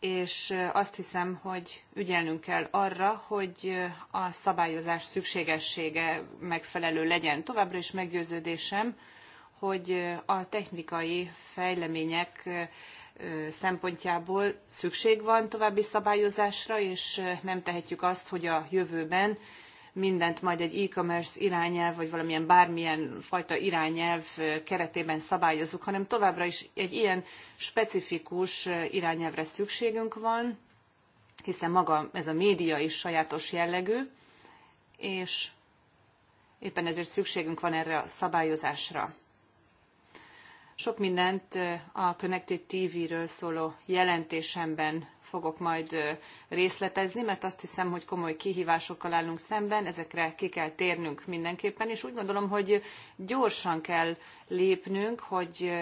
és azt hiszem, hogy ügyelnünk kell arra, hogy a szabályozás szükségessége megfelelő legyen. Továbbra is meggyőződésem, hogy a technikai fejlemények szempontjából szükség van további szabályozásra, és nem tehetjük azt, hogy a jövőben mindent majd egy e-commerce irányelv, vagy valamilyen bármilyen fajta irányelv keretében szabályozunk, hanem továbbra is egy ilyen specifikus irányelvre szükségünk van, hiszen maga ez a média is sajátos jellegű, és éppen ezért szükségünk van erre a szabályozásra. Sok mindent a Connected TV-ről szóló jelentésemben fogok majd részletezni, mert azt hiszem, hogy komoly kihívásokkal állunk szemben, ezekre ki kell térnünk mindenképpen, és úgy gondolom, hogy gyorsan kell lépnünk, hogy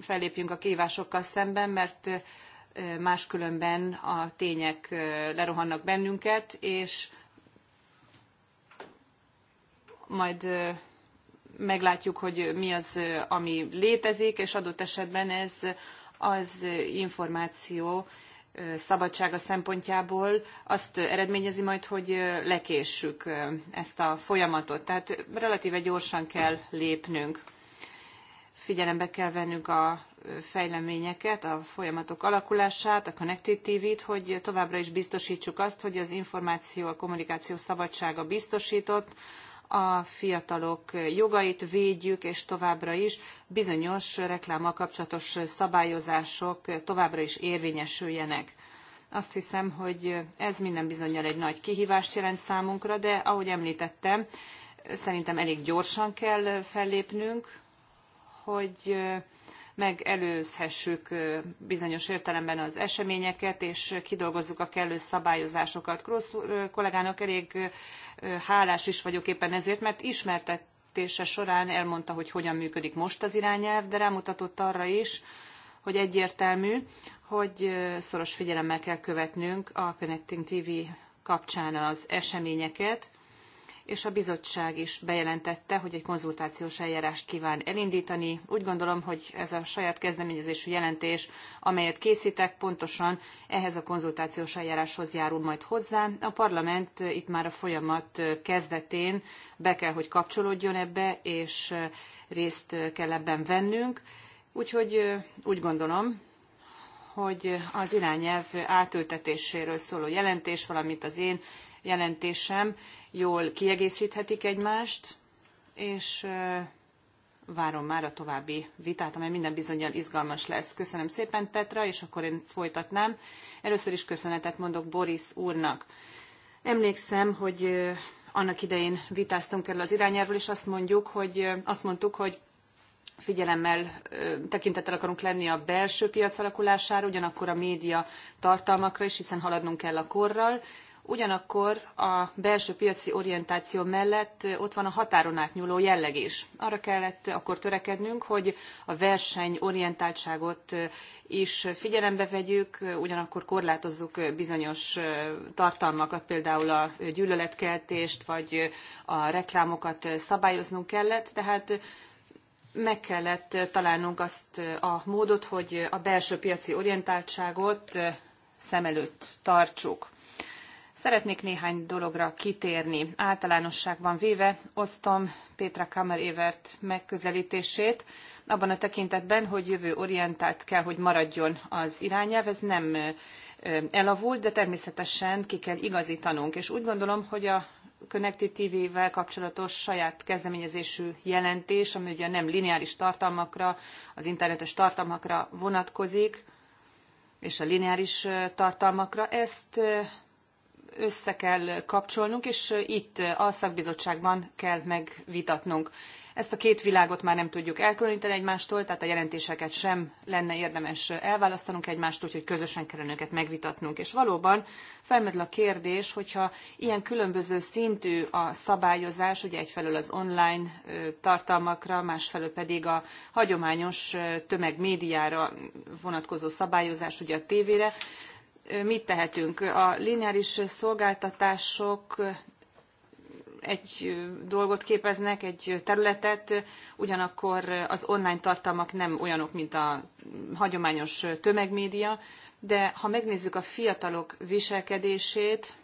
fellépjünk a kihívásokkal szemben, mert máskülönben a tények lerohannak bennünket, és majd meglátjuk, hogy mi az, ami létezik, és adott esetben ez az információ szabadsága szempontjából azt eredményezi majd, hogy lekéssük ezt a folyamatot. Tehát relatíve gyorsan kell lépnünk. Figyelembe kell vennünk a fejleményeket, a folyamatok alakulását, a Connected TV-t, hogy továbbra is biztosítsuk azt, hogy az információ, a kommunikáció szabadsága biztosított, a fiatalok jogait védjük, és továbbra is bizonyos reklámmal kapcsolatos szabályozások továbbra is érvényesüljenek. Azt hiszem, hogy ez minden bizonyal egy nagy kihívást jelent számunkra, de ahogy említettem, szerintem elég gyorsan kell fellépnünk, hogy megelőzhessük bizonyos értelemben az eseményeket, és kidolgozzuk a kellő szabályozásokat. Krossz kollégának elég hálás is vagyok éppen ezért, mert ismertetése során elmondta, hogy hogyan működik most az irányelv, de rámutatott arra is, hogy egyértelmű, hogy szoros figyelemmel kell követnünk a Connecting TV kapcsán az eseményeket, és a bizottság is bejelentette, hogy egy konzultációs eljárást kíván elindítani. Úgy gondolom, hogy ez a saját kezdeményezésű jelentés, amelyet készítek, pontosan ehhez a konzultációs eljáráshoz járul majd hozzá. A parlament eh, itt már a folyamat eh, kezdetén be kell, hogy kapcsolódjon ebbe, és eh, részt kell ebben vennünk. Úgyhogy úgy gondolom, hogy az irányelv átültetéséről szóló jelentés, valamint az én jelentésem jól kiegészíthetik egymást, és várom már a további vitát, amely minden bizonyal izgalmas lesz. Köszönöm szépen Petra, és akkor én folytatnám. Először is köszönetet mondok Boris úrnak. Emlékszem, hogy annak idején vitáztunk erről az irányelvről, és azt mondjuk, hogy azt mondtuk, hogy figyelemmel, tekintettel akarunk lenni a belső piac alakulására, ugyanakkor a média tartalmakra is, hiszen haladnunk kell a korral, Ugyanakkor a belső piaci orientáció mellett ott van a határon átnyúló jelleg is. Arra kellett akkor törekednünk, hogy a versenyorientáltságot is figyelembe vegyük, ugyanakkor korlátozzuk bizonyos tartalmakat, például a gyűlöletkeltést, vagy a reklámokat szabályoznunk kellett, tehát meg kellett találnunk azt a módot, hogy a belső piaci orientáltságot szem előtt tartsuk. Szeretnék néhány dologra kitérni. Általánosságban véve osztom Pétra Évert megközelítését, abban a tekintetben, hogy jövő orientált kell, hogy maradjon az irányelv. Ez nem elavult, de természetesen ki kell igazítanunk. És úgy gondolom, hogy a Connected TV-vel kapcsolatos saját kezdeményezésű jelentés, ami ugye nem lineáris tartalmakra, az internetes tartalmakra vonatkozik, és a lineáris tartalmakra, ezt össze kell kapcsolnunk, és itt a szakbizottságban kell megvitatnunk. Ezt a két világot már nem tudjuk elkülöníteni egymástól, tehát a jelentéseket sem lenne érdemes elválasztanunk egymást, úgyhogy közösen kellene őket megvitatnunk. És valóban felmerül a kérdés, hogyha ilyen különböző szintű a szabályozás, ugye egyfelől az online tartalmakra, másfelől pedig a hagyományos tömegmédiára vonatkozó szabályozás, ugye a tévére, mit tehetünk? A lineáris szolgáltatások egy dolgot képeznek, egy területet, ugyanakkor az online tartalmak nem olyanok, mint a hagyományos tömegmédia, de ha megnézzük a fiatalok viselkedését,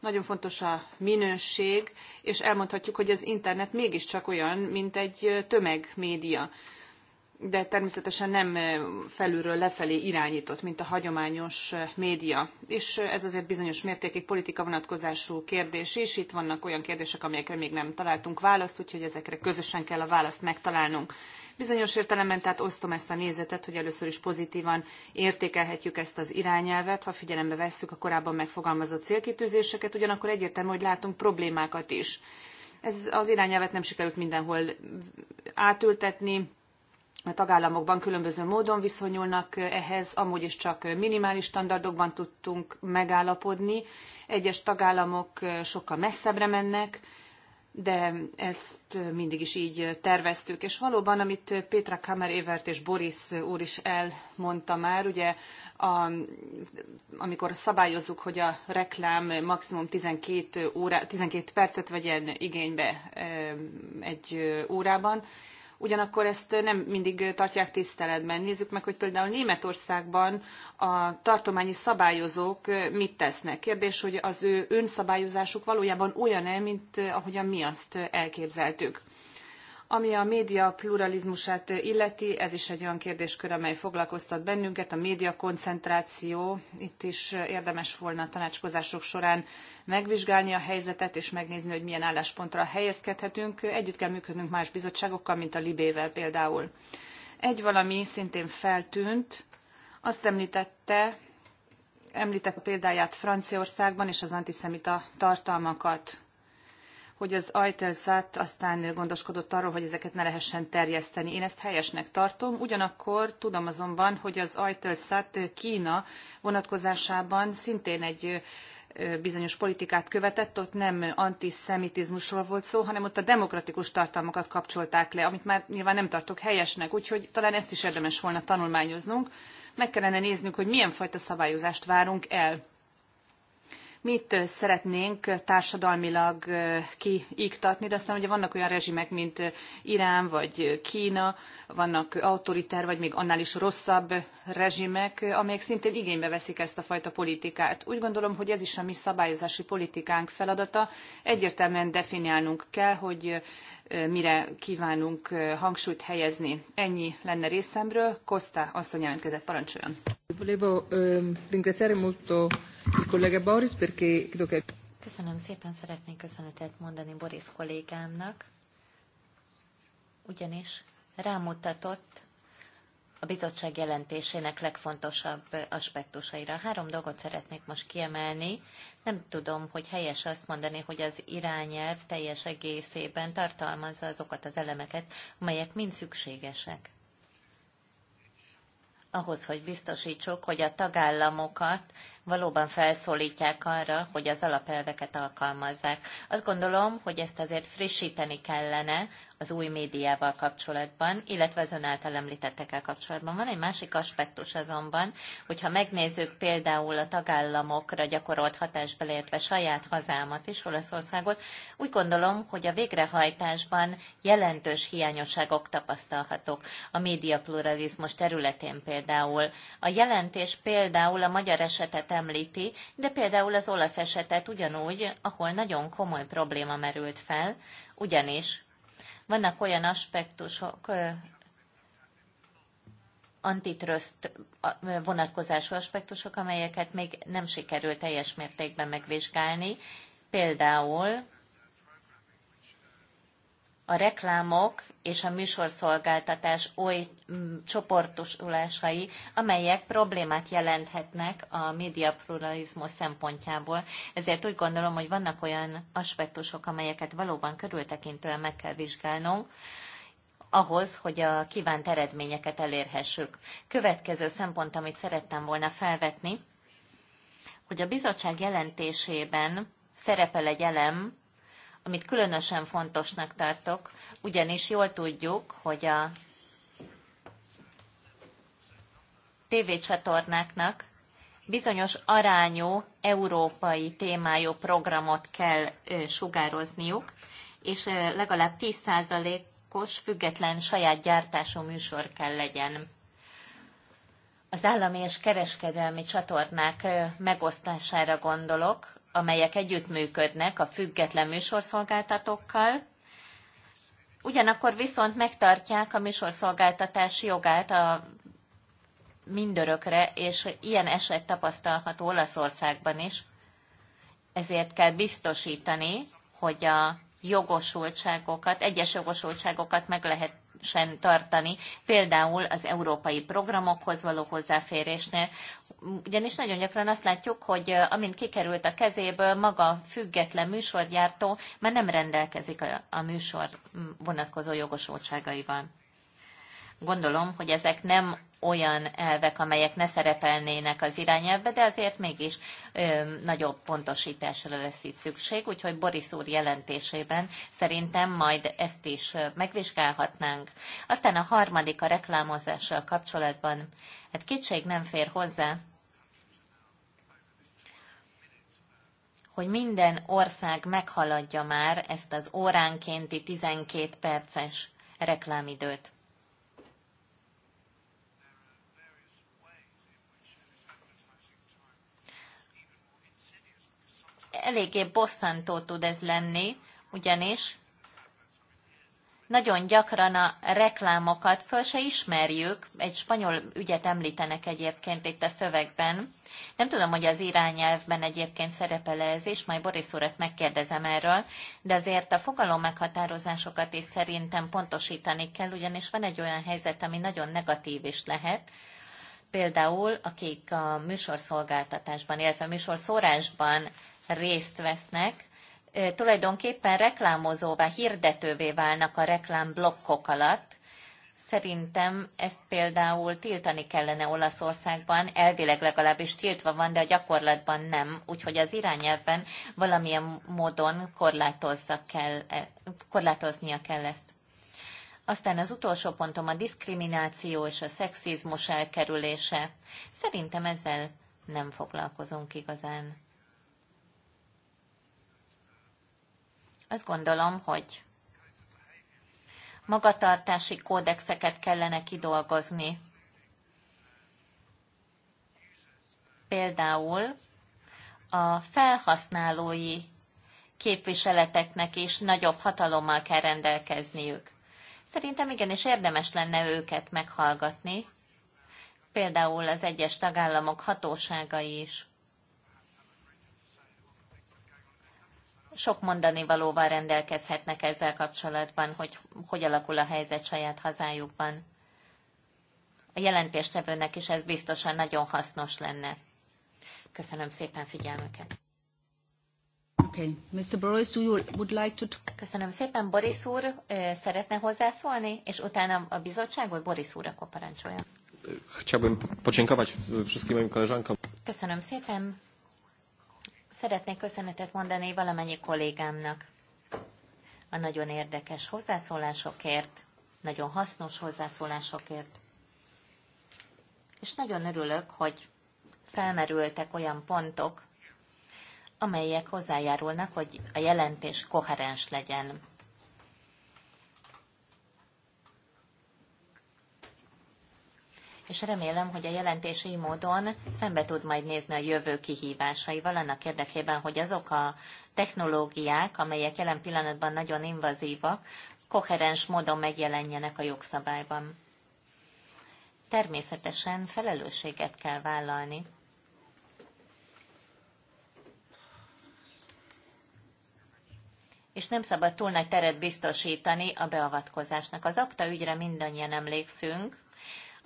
nagyon fontos a minőség, és elmondhatjuk, hogy az internet mégiscsak olyan, mint egy tömegmédia de természetesen nem felülről lefelé irányított, mint a hagyományos média. És ez azért bizonyos mértékig politika vonatkozású kérdés is. Itt vannak olyan kérdések, amelyekre még nem találtunk választ, úgyhogy ezekre közösen kell a választ megtalálnunk. Bizonyos értelemben tehát osztom ezt a nézetet, hogy először is pozitívan értékelhetjük ezt az irányelvet, ha figyelembe vesszük a korábban megfogalmazott célkitűzéseket, ugyanakkor egyértelmű, hogy látunk problémákat is. Ez az irányelvet nem sikerült mindenhol átültetni, a tagállamokban különböző módon viszonyulnak ehhez, amúgy is csak minimális standardokban tudtunk megállapodni. Egyes tagállamok sokkal messzebbre mennek, de ezt mindig is így terveztük. És valóban, amit Pétra Kamer Évert és Boris úr is elmondta már, ugye a, amikor szabályozzuk, hogy a reklám maximum 12, óra, 12 percet vegyen igénybe egy órában, ugyanakkor ezt nem mindig tartják tiszteletben. Nézzük meg, hogy például Németországban a tartományi szabályozók mit tesznek. Kérdés, hogy az ő önszabályozásuk valójában olyan-e, mint ahogyan mi azt elképzeltük. Ami a média pluralizmusát illeti, ez is egy olyan kérdéskör, amely foglalkoztat bennünket, a média koncentráció. Itt is érdemes volna a tanácskozások során megvizsgálni a helyzetet, és megnézni, hogy milyen álláspontra helyezkedhetünk. Együtt kell működnünk más bizottságokkal, mint a Libével például. Egy valami szintén feltűnt, azt említette, említett a példáját Franciaországban és az antiszemita tartalmakat hogy az Ajtelszát aztán gondoskodott arról, hogy ezeket ne lehessen terjeszteni. Én ezt helyesnek tartom, ugyanakkor tudom azonban, hogy az Ajtelszát Kína vonatkozásában szintén egy bizonyos politikát követett, ott nem antiszemitizmusról volt szó, hanem ott a demokratikus tartalmakat kapcsolták le, amit már nyilván nem tartok helyesnek, úgyhogy talán ezt is érdemes volna tanulmányoznunk. Meg kellene néznünk, hogy milyen fajta szabályozást várunk el mit szeretnénk társadalmilag kiiktatni, de aztán ugye vannak olyan rezsimek, mint Irán vagy Kína, vannak autoriter vagy még annál is rosszabb rezsimek, amelyek szintén igénybe veszik ezt a fajta politikát. Úgy gondolom, hogy ez is a mi szabályozási politikánk feladata. Egyértelműen definiálnunk kell, hogy mire kívánunk hangsúlyt helyezni. Ennyi lenne részemről. Kosta asszony jelentkezett, parancsoljon. Volevo ringraziare molto il collega Boris perché credo che... Köszönöm szépen, szeretnék köszönetet mondani Boris kollégámnak, ugyanis rámutatott a bizottság jelentésének legfontosabb aspektusaira. Három dolgot szeretnék most kiemelni. Nem tudom, hogy helyes azt mondani, hogy az irányelv teljes egészében tartalmazza azokat az elemeket, amelyek mind szükségesek. Ahhoz, hogy biztosítsuk, hogy a tagállamokat valóban felszólítják arra, hogy az alapelveket alkalmazzák. Azt gondolom, hogy ezt azért frissíteni kellene az új médiával kapcsolatban, illetve az ön által említettekkel kapcsolatban. Van egy másik aspektus azonban, hogyha megnézzük például a tagállamokra gyakorolt hatást beleértve saját hazámat és Olaszországot, úgy gondolom, hogy a végrehajtásban jelentős hiányosságok tapasztalhatók a médiapluralizmus területén például. A jelentés például a magyar esetet említi, de például az olasz esetet ugyanúgy, ahol nagyon komoly probléma merült fel, ugyanis vannak olyan aspektusok, antitrust vonatkozású aspektusok, amelyeket még nem sikerült teljes mértékben megvizsgálni. Például a reklámok és a műsorszolgáltatás oly mm, csoportosulásai, amelyek problémát jelenthetnek a médiapluralizmus szempontjából. Ezért úgy gondolom, hogy vannak olyan aspektusok, amelyeket valóban körültekintően meg kell vizsgálnunk, ahhoz, hogy a kívánt eredményeket elérhessük. Következő szempont, amit szerettem volna felvetni, hogy a bizottság jelentésében szerepel egy elem, amit különösen fontosnak tartok, ugyanis jól tudjuk, hogy a tévécsatornáknak bizonyos arányú európai témájú programot kell sugározniuk, és legalább 10%-os független saját gyártású műsor kell legyen. Az állami és kereskedelmi csatornák megosztására gondolok, amelyek együttműködnek a független műsorszolgáltatókkal, ugyanakkor viszont megtartják a műsorszolgáltatás jogát a mindörökre, és ilyen eset tapasztalható Olaszországban is. Ezért kell biztosítani, hogy a jogosultságokat, egyes jogosultságokat meg lehet sem tartani, például az európai programokhoz való hozzáférésnél, ugyanis nagyon gyakran azt látjuk, hogy amint kikerült a kezéből, maga független műsorgyártó már nem rendelkezik a, a műsor vonatkozó jogosultságaival. Gondolom, hogy ezek nem olyan elvek, amelyek ne szerepelnének az irányelvbe, de azért mégis ö, nagyobb pontosításra lesz itt szükség, úgyhogy Boris úr jelentésében szerintem majd ezt is megvizsgálhatnánk. Aztán a harmadik a reklámozással kapcsolatban. Hát kétség nem fér hozzá, hogy minden ország meghaladja már ezt az óránkénti 12 perces reklámidőt. eléggé bosszantó tud ez lenni, ugyanis nagyon gyakran a reklámokat föl se ismerjük, egy spanyol ügyet említenek egyébként itt a szövegben. Nem tudom, hogy az irányelvben egyébként szerepel -e ez is, majd Boris urat megkérdezem erről, de azért a fogalom meghatározásokat is szerintem pontosítani kell, ugyanis van egy olyan helyzet, ami nagyon negatív is lehet, Például, akik a műsorszolgáltatásban, illetve műsorszórásban részt vesznek, tulajdonképpen reklámozóvá, hirdetővé válnak a reklámblokkok alatt. Szerintem ezt például tiltani kellene Olaszországban, elvileg legalábbis tiltva van, de a gyakorlatban nem, úgyhogy az irányelvben valamilyen módon korlátozza kell, e, korlátoznia kell ezt. Aztán az utolsó pontom a diszkrimináció és a szexizmus elkerülése. Szerintem ezzel nem foglalkozunk igazán. Azt gondolom, hogy magatartási kódexeket kellene kidolgozni. Például a felhasználói képviseleteknek is nagyobb hatalommal kell rendelkezniük. Szerintem igenis érdemes lenne őket meghallgatni, például az egyes tagállamok hatóságai is. sok mondanivalóval rendelkezhetnek ezzel kapcsolatban, hogy hogy alakul a helyzet saját hazájukban. A jelentéstevőnek is ez biztosan nagyon hasznos lenne. Köszönöm szépen figyelmüket. Okay. Mr. Boris, do you would like to... Köszönöm szépen. Boris úr szeretne hozzászólni, és utána a bizottságot Boris úr akkor parancsoljon. Chciałbym podziękować wszystkim moim koleżankom. Köszönöm szépen. Szeretnék köszönetet mondani valamennyi kollégámnak a nagyon érdekes hozzászólásokért, nagyon hasznos hozzászólásokért. És nagyon örülök, hogy felmerültek olyan pontok, amelyek hozzájárulnak, hogy a jelentés koherens legyen. és remélem, hogy a jelentési módon szembe tud majd nézni a jövő kihívásaival, annak érdekében, hogy azok a technológiák, amelyek jelen pillanatban nagyon invazívak, koherens módon megjelenjenek a jogszabályban. Természetesen felelősséget kell vállalni. és nem szabad túl nagy teret biztosítani a beavatkozásnak. Az akta ügyre mindannyian emlékszünk,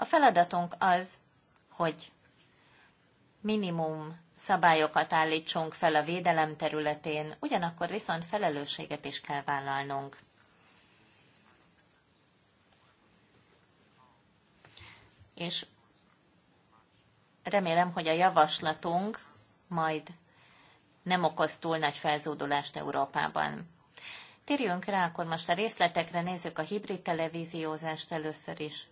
a feladatunk az, hogy minimum szabályokat állítsunk fel a védelem területén, ugyanakkor viszont felelősséget is kell vállalnunk. És remélem, hogy a javaslatunk majd nem okoz túl nagy felzódulást Európában. Térjünk rá akkor most a részletekre, nézzük a hibrid televíziózást először is.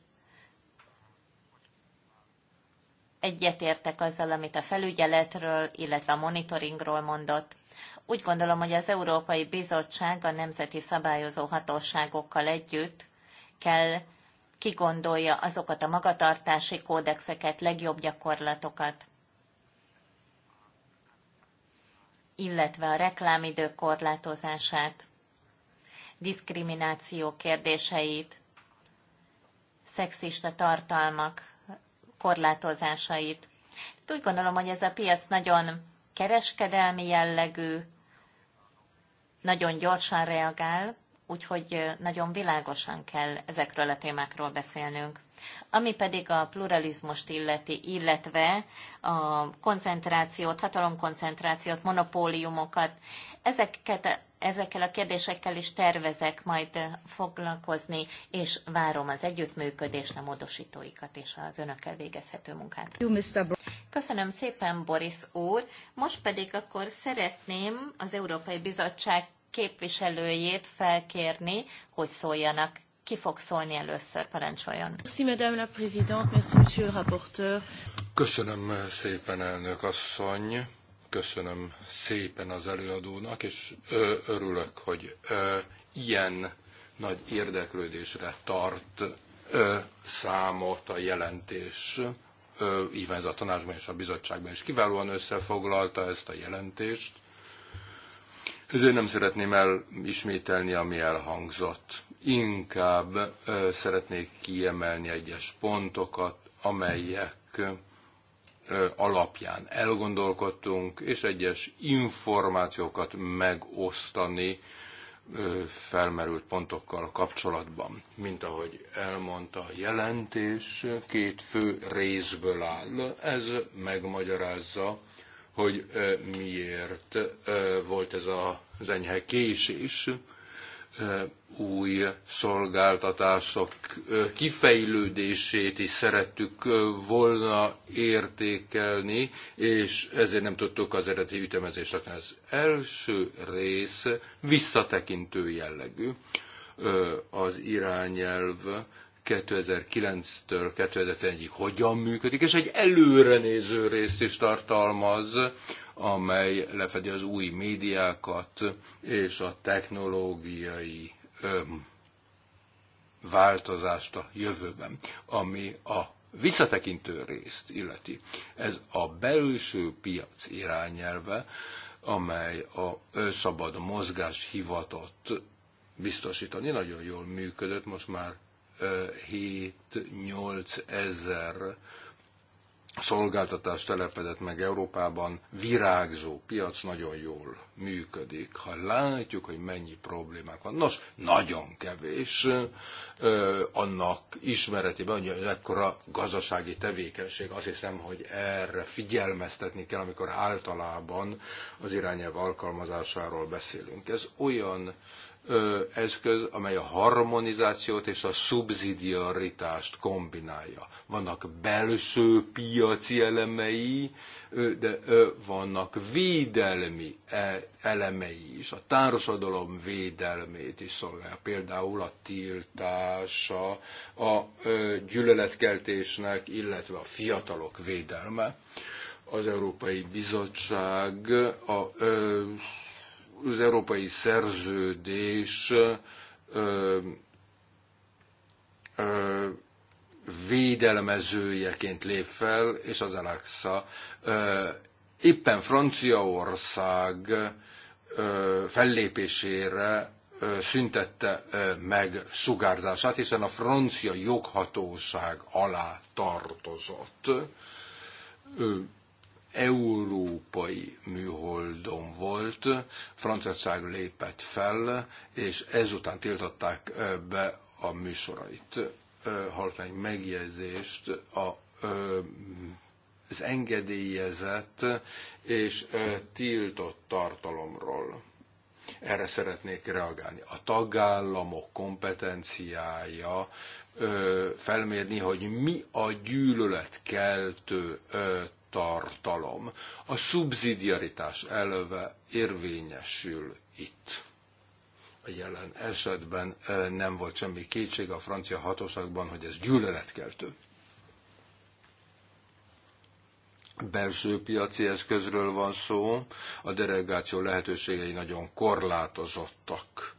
egyetértek azzal, amit a felügyeletről, illetve a monitoringról mondott. Úgy gondolom, hogy az Európai Bizottság a nemzeti szabályozó hatóságokkal együtt kell kigondolja azokat a magatartási kódexeket, legjobb gyakorlatokat, illetve a reklámidő korlátozását, diszkrimináció kérdéseit, szexista tartalmak korlátozásait. Tehát úgy gondolom, hogy ez a piac nagyon kereskedelmi jellegű, nagyon gyorsan reagál, úgyhogy nagyon világosan kell ezekről a témákról beszélnünk. Ami pedig a pluralizmust illeti, illetve a koncentrációt, hatalomkoncentrációt, monopóliumokat, ezeket ezekkel a kérdésekkel is tervezek majd foglalkozni, és várom az együttműködést, a módosítóikat és az önökkel végezhető munkát. Köszönöm szépen, Boris úr. Most pedig akkor szeretném az Európai Bizottság képviselőjét felkérni, hogy szóljanak ki fog szólni először, parancsoljon. Merci, Madame la Présidente, merci, Monsieur le Rapporteur. Köszönöm szépen, elnök asszony. Köszönöm szépen az előadónak, és örülök, hogy ilyen nagy érdeklődésre tart számot a jelentés. Így ez a tanácsban és a bizottságban is kiválóan összefoglalta ezt a jelentést. Ezért nem szeretném elismételni, ami elhangzott. Inkább szeretnék kiemelni egyes pontokat, amelyek alapján elgondolkodtunk, és egyes információkat megosztani felmerült pontokkal kapcsolatban. Mint ahogy elmondta a jelentés, két fő részből áll. Ez megmagyarázza, hogy miért volt ez az enyhe késés, új szolgáltatások kifejlődését is szerettük volna értékelni, és ezért nem tudtuk az eredeti ütemezést adni. Az első rész visszatekintő jellegű. Az irányelv 2009-től 2011-ig hogyan működik, és egy előrenéző részt is tartalmaz amely lefedi az új médiákat és a technológiai öm, változást a jövőben, ami a visszatekintő részt illeti. Ez a belső piac irányelve, amely a szabad mozgás hivatott biztosítani. Nagyon jól működött, most már 7-8 ezer szolgáltatás telepedett meg Európában, virágzó piac nagyon jól működik. Ha látjuk, hogy mennyi problémák van, nos, nagyon kevés ö, annak ismeretében, hogy ekkora gazdasági tevékenység, azt hiszem, hogy erre figyelmeztetni kell, amikor általában az irányelv alkalmazásáról beszélünk. Ez olyan eszköz, amely a harmonizációt és a szubszidiaritást kombinálja. Vannak belső piaci elemei, de vannak védelmi e, elemei is. A társadalom védelmét is szolgálja. Például a tiltása, a gyűlöletkeltésnek, illetve a fiatalok védelme. Az Európai Bizottság a az európai szerződés ö, ö, védelmezőjeként lép fel, és az Alexa ö, éppen Franciaország ö, fellépésére ö, szüntette ö, meg sugárzását, hiszen a francia joghatóság alá tartozott. Ö, európai műholdon volt, Franciaország lépett fel, és ezután tiltották be a műsorait. Hallottam egy megjegyzést a az engedélyezett és tiltott tartalomról. Erre szeretnék reagálni. A tagállamok kompetenciája felmérni, hogy mi a gyűlöletkeltő tartalom. A szubszidiaritás elve érvényesül itt. A jelen esetben nem volt semmi kétség a francia hatóságban, hogy ez gyűlöletkeltő. Belső piaci eszközről van szó, a delegáció lehetőségei nagyon korlátozottak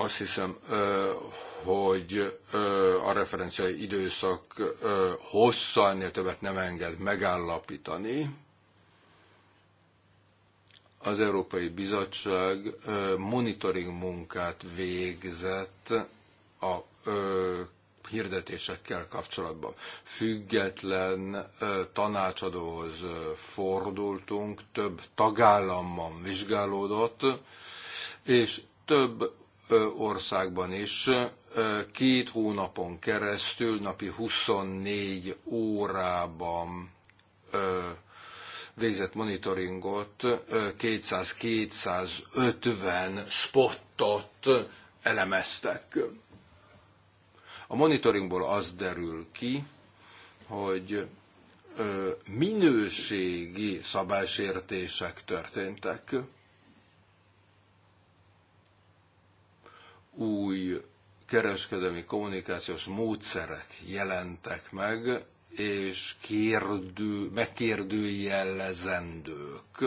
azt hiszem, hogy a referenciai időszak hossza ennél többet nem enged megállapítani. Az Európai Bizottság monitoring munkát végzett a hirdetésekkel kapcsolatban. Független tanácsadóhoz fordultunk, több tagállamban vizsgálódott, és több országban is két hónapon keresztül napi 24 órában végzett monitoringot 200-250 spottot elemeztek. A monitoringból az derül ki, hogy minőségi szabálysértések történtek új kereskedelmi kommunikációs módszerek jelentek meg, és kérdő, megkérdőjellezendők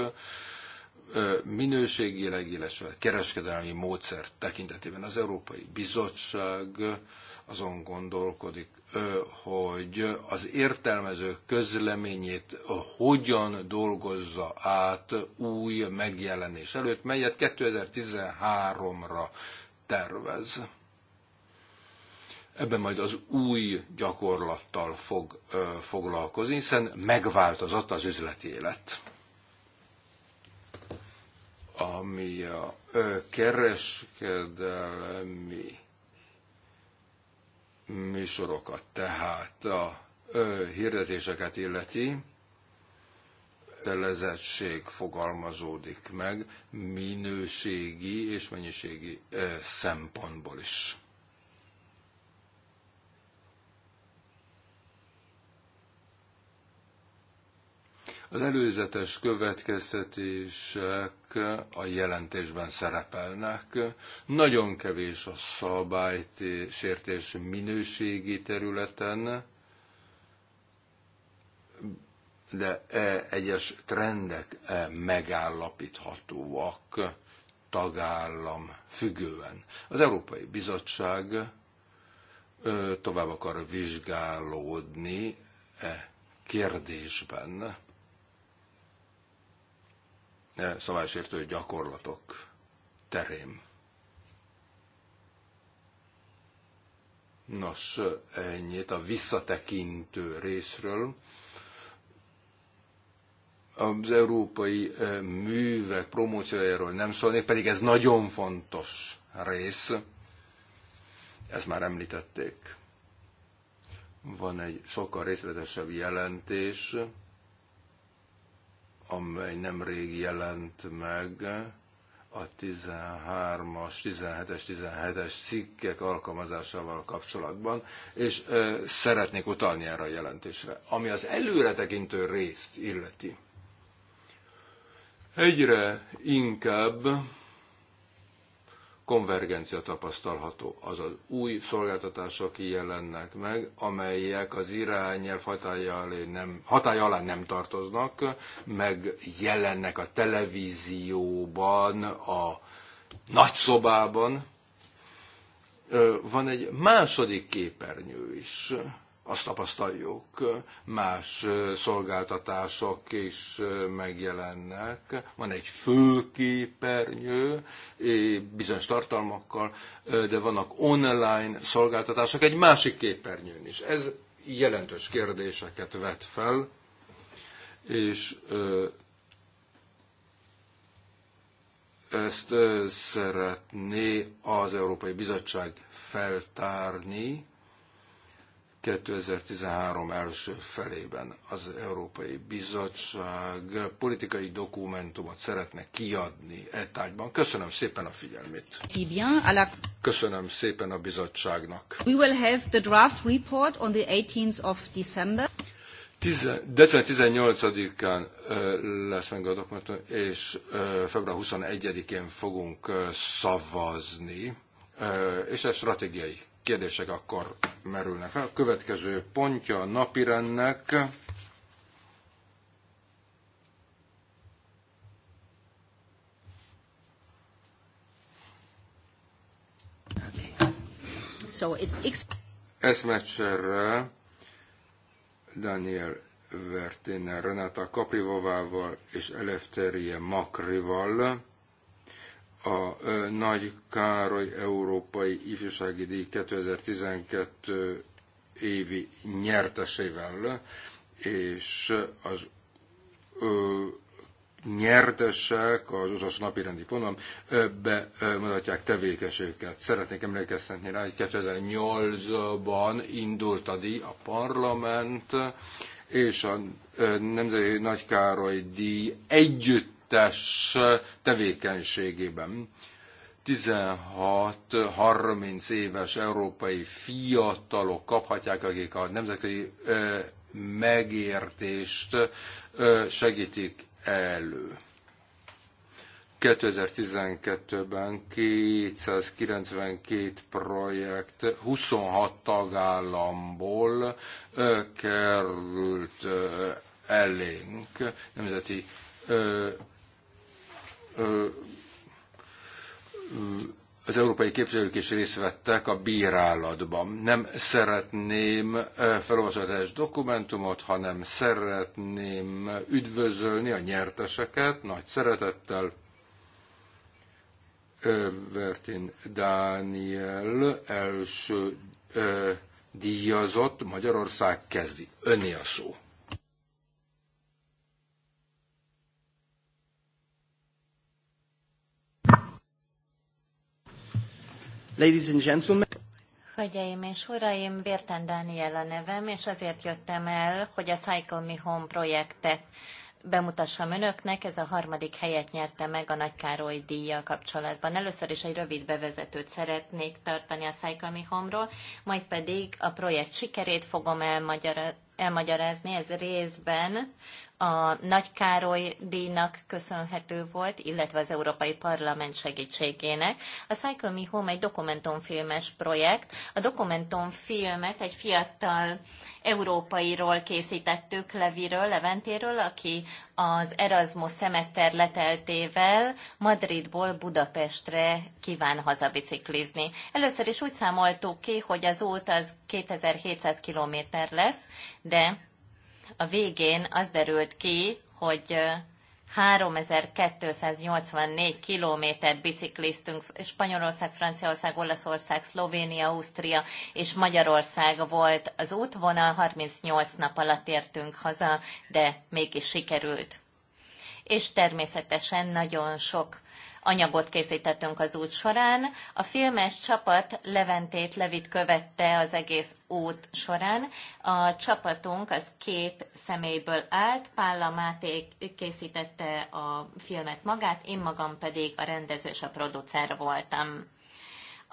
minőségileg, illetve kereskedelmi módszer tekintetében az Európai Bizottság azon gondolkodik, hogy az értelmező közleményét hogyan dolgozza át új megjelenés előtt, melyet 2013-ra tervez. Ebben majd az új gyakorlattal fog ö, foglalkozni, hiszen megváltozott az üzleti élet. Ami a ö, kereskedelmi műsorokat, tehát a ö, hirdetéseket illeti, kötelezettség fogalmazódik meg minőségi és mennyiségi szempontból is. Az előzetes következtetések a jelentésben szerepelnek. Nagyon kevés a szabálysértés minőségi területen, de e, egyes trendek e, megállapíthatóak tagállam függően. Az Európai Bizottság e, tovább akar vizsgálódni e kérdésben e szabálysértő gyakorlatok terén. Nos, ennyit a visszatekintő részről az európai művek promóciójáról nem szólnék, pedig ez nagyon fontos rész. Ezt már említették. Van egy sokkal részletesebb jelentés, amely nemrég jelent meg a 13-as, 17-es, 17-es cikkek alkalmazásával kapcsolatban, és ö, szeretnék utalni erre a jelentésre, ami az előretekintő részt illeti Egyre inkább konvergencia tapasztalható, azaz új szolgáltatások jelennek meg, amelyek az irányelv hatája, alá nem, hatája alá nem tartoznak, meg jelennek a televízióban, a nagyszobában. Van egy második képernyő is, azt tapasztaljuk, más szolgáltatások is megjelennek. Van egy főképernyő bizonyos tartalmakkal, de vannak online szolgáltatások egy másik képernyőn is. Ez jelentős kérdéseket vet fel, és ezt szeretné az Európai Bizottság feltárni, 2013 első felében az Európai Bizottság politikai dokumentumot szeretne kiadni etágyban. Köszönöm szépen a figyelmét. Köszönöm szépen a bizottságnak. We will have the draft report on the 18th of December. December 18-án lesz meg a dokumentum, és február 21-én fogunk szavazni, és ez stratégiai kérdések akkor merülnek fel. A következő pontja a napirendnek. So it's... Eszmecserre Daniel Vertinnel, Renata Kaprivovával és Elefterie Makrival a Nagy Károly Európai Ifjúsági Díj 2012 évi nyertesével, és az ö, nyertesek az utolsó napi rendi ponton bemutatják tevékenységüket. Szeretnék emlékeztetni rá, hogy 2008-ban indult a díj a parlament, és a Nemzeti Nagykároly díj együtt 2022 tevékenységében. 16-30 éves európai fiatalok kaphatják, akik a nemzetközi megértést segítik elő. 2012-ben 292 projekt 26 tagállamból került elénk nemzeti az európai képviselők is részt vettek a bírálatban. Nem szeretném felolvasatás dokumentumot, hanem szeretném üdvözölni a nyerteseket nagy szeretettel. Vertin Dániel első díjazott Magyarország kezdi. Öné a szó. Ladies and gentlemen. Hölgyeim és uraim, Vérten Dániel a nevem, és azért jöttem el, hogy a Cycle Me Home projektet bemutassam önöknek. Ez a harmadik helyet nyerte meg a Nagy Károly díjjal kapcsolatban. Először is egy rövid bevezetőt szeretnék tartani a Cycle Me Home-ról, majd pedig a projekt sikerét fogom elmagyarázni. Ez részben a Nagy Károly díjnak köszönhető volt, illetve az Európai Parlament segítségének. A Cycle Me Home egy dokumentumfilmes projekt. A dokumentumfilmet egy fiatal európairól készítettük, Leviről, Leventéről, aki az Erasmus szemeszter leteltével Madridból Budapestre kíván hazabiciklizni. Először is úgy számoltuk ki, hogy az út az 2700 kilométer lesz, de a végén az derült ki, hogy 3284 kilométert bicikliztünk, Spanyolország, Franciaország, Olaszország, Szlovénia, Ausztria és Magyarország volt az útvonal, 38 nap alatt értünk haza, de mégis sikerült és természetesen nagyon sok anyagot készítettünk az út során. A filmes csapat Leventét Levit követte az egész út során. A csapatunk az két személyből állt, Pálla Máté készítette a filmet magát, én magam pedig a rendező és a producer voltam.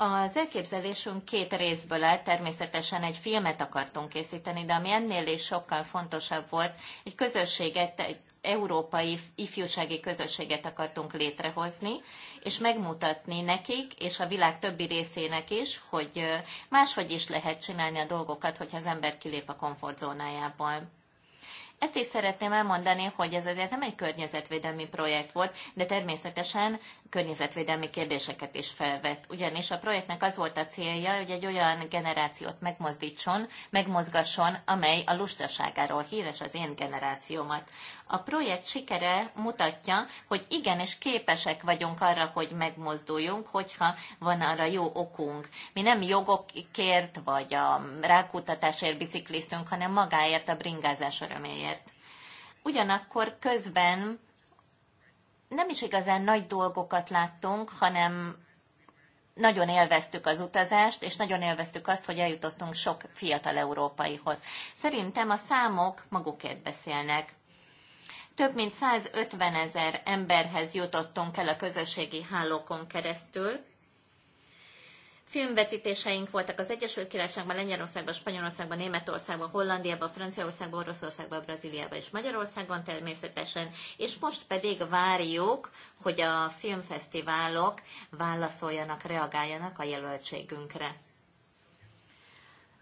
Az elképzelésünk két részből áll, természetesen egy filmet akartunk készíteni, de ami ennél is sokkal fontosabb volt, egy közösséget, egy európai ifjúsági közösséget akartunk létrehozni, és megmutatni nekik, és a világ többi részének is, hogy máshogy is lehet csinálni a dolgokat, hogyha az ember kilép a komfortzónájából. Ezt is szeretném elmondani, hogy ez azért nem egy környezetvédelmi projekt volt, de természetesen környezetvédelmi kérdéseket is felvett. Ugyanis a projektnek az volt a célja, hogy egy olyan generációt megmozdítson, megmozgasson, amely a lustaságáról híres az én generációmat. A projekt sikere mutatja, hogy igenis képesek vagyunk arra, hogy megmozduljunk, hogyha van arra jó okunk. Mi nem jogokért vagy a rákutatásért bicikliztünk, hanem magáért, a bringázás öröméért. Ugyanakkor közben nem is igazán nagy dolgokat láttunk, hanem nagyon élveztük az utazást, és nagyon élveztük azt, hogy eljutottunk sok fiatal európaihoz. Szerintem a számok magukért beszélnek több mint 150 ezer emberhez jutottunk el a közösségi hálókon keresztül. Filmvetítéseink voltak az Egyesült Királyságban, Lengyelországban, Spanyolországban, Németországban, Hollandiában, Franciaországban, Oroszországban, Brazíliában és Magyarországon természetesen, és most pedig várjuk, hogy a filmfesztiválok válaszoljanak, reagáljanak a jelöltségünkre.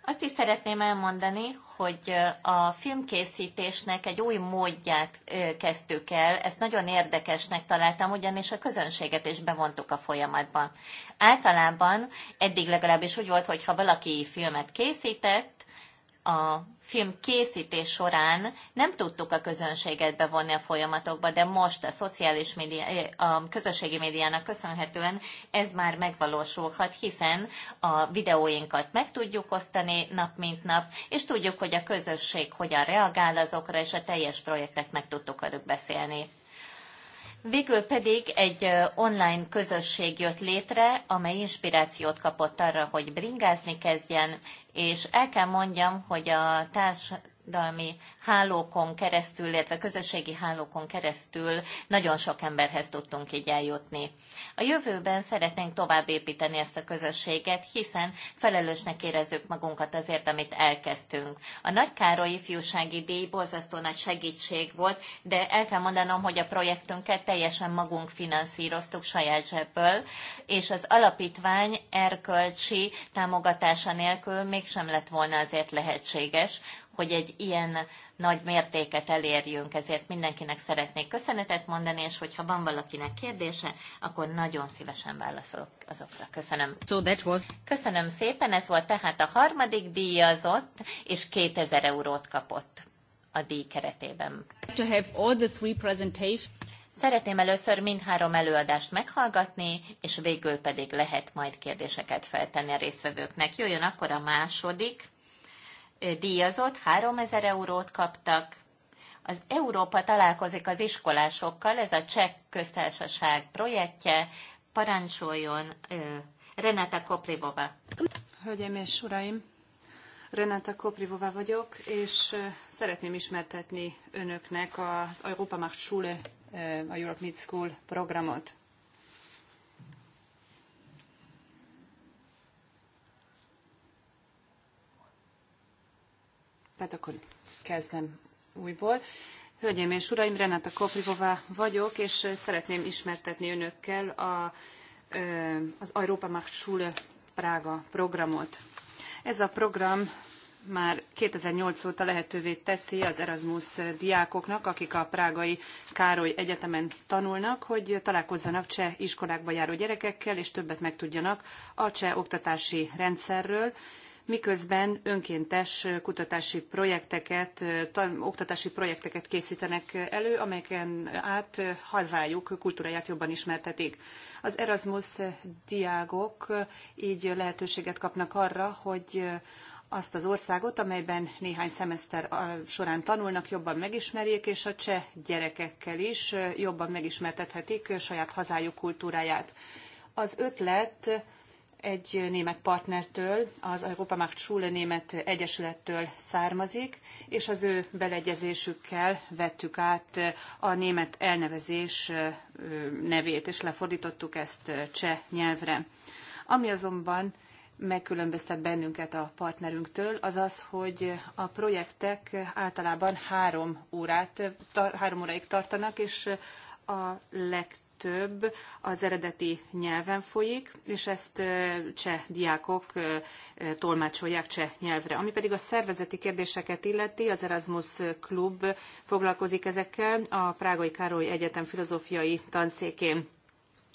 Azt is szeretném elmondani, hogy a filmkészítésnek egy új módját kezdtük el. Ezt nagyon érdekesnek találtam, ugyanis a közönséget is bevontuk a folyamatban. Általában eddig legalábbis úgy volt, hogy ha valaki filmet készített, a film készítés során nem tudtuk a közönséget bevonni a folyamatokba, de most a szociális média, a közösségi médiának köszönhetően ez már megvalósulhat, hiszen a videóinkat meg tudjuk osztani nap mint nap, és tudjuk, hogy a közösség hogyan reagál azokra, és a teljes projektet meg tudtuk velük beszélni. Végül pedig egy online közösség jött létre, amely inspirációt kapott arra, hogy bringázni kezdjen, és el kell mondjam, hogy a társ társadalmi hálókon keresztül, illetve közösségi hálókon keresztül nagyon sok emberhez tudtunk így eljutni. A jövőben szeretnénk tovább építeni ezt a közösséget, hiszen felelősnek érezzük magunkat azért, amit elkezdtünk. A Nagy Károly ifjúsági díj borzasztó nagy segítség volt, de el kell mondanom, hogy a projektünket teljesen magunk finanszíroztuk saját zsebből, és az alapítvány erkölcsi támogatása nélkül mégsem lett volna azért lehetséges, hogy egy ilyen nagy mértéket elérjünk, ezért mindenkinek szeretnék köszönetet mondani, és hogyha van valakinek kérdése, akkor nagyon szívesen válaszolok azokra. Köszönöm. So that was... Köszönöm szépen, ez volt tehát a harmadik díjazott, és 2000 eurót kapott a díj keretében. To have all the three presentations. Szeretném először mindhárom előadást meghallgatni, és végül pedig lehet majd kérdéseket feltenni a résztvevőknek. Jöjjön akkor a második díjazott, 3000 eurót kaptak. Az Európa találkozik az iskolásokkal, ez a Cseh köztársaság projektje, parancsoljon Renata Koprivova. Hölgyeim és uraim, Renata Koprivova vagyok, és szeretném ismertetni önöknek az Europa Macht Schule, a Europe Mid School programot. Tehát akkor kezdem újból. Hölgyeim és uraim, Renata Koprivová vagyok, és szeretném ismertetni önökkel a, az Európa Macht Schule Prága programot. Ez a program már 2008 óta lehetővé teszi az Erasmus diákoknak, akik a Prágai Károly Egyetemen tanulnak, hogy találkozzanak cseh iskolákba járó gyerekekkel, és többet megtudjanak a cseh oktatási rendszerről, miközben önkéntes kutatási projekteket, oktatási projekteket készítenek elő, amelyeken át hazájuk kultúráját jobban ismertetik. Az Erasmus diákok így lehetőséget kapnak arra, hogy azt az országot, amelyben néhány szemeszter során tanulnak, jobban megismerjék, és a cseh gyerekekkel is jobban megismertethetik saját hazájuk kultúráját. Az ötlet egy német partnertől, az Europa Macht Schule német egyesülettől származik, és az ő beleegyezésükkel vettük át a német elnevezés nevét, és lefordítottuk ezt cseh nyelvre. Ami azonban megkülönböztet bennünket a partnerünktől, az az, hogy a projektek általában három órát, három óráig tartanak, és a legtöbb több az eredeti nyelven folyik, és ezt cseh diákok tolmácsolják cseh nyelvre. Ami pedig a szervezeti kérdéseket illeti, az Erasmus Klub foglalkozik ezekkel a Prágai Károly Egyetem filozófiai tanszékén.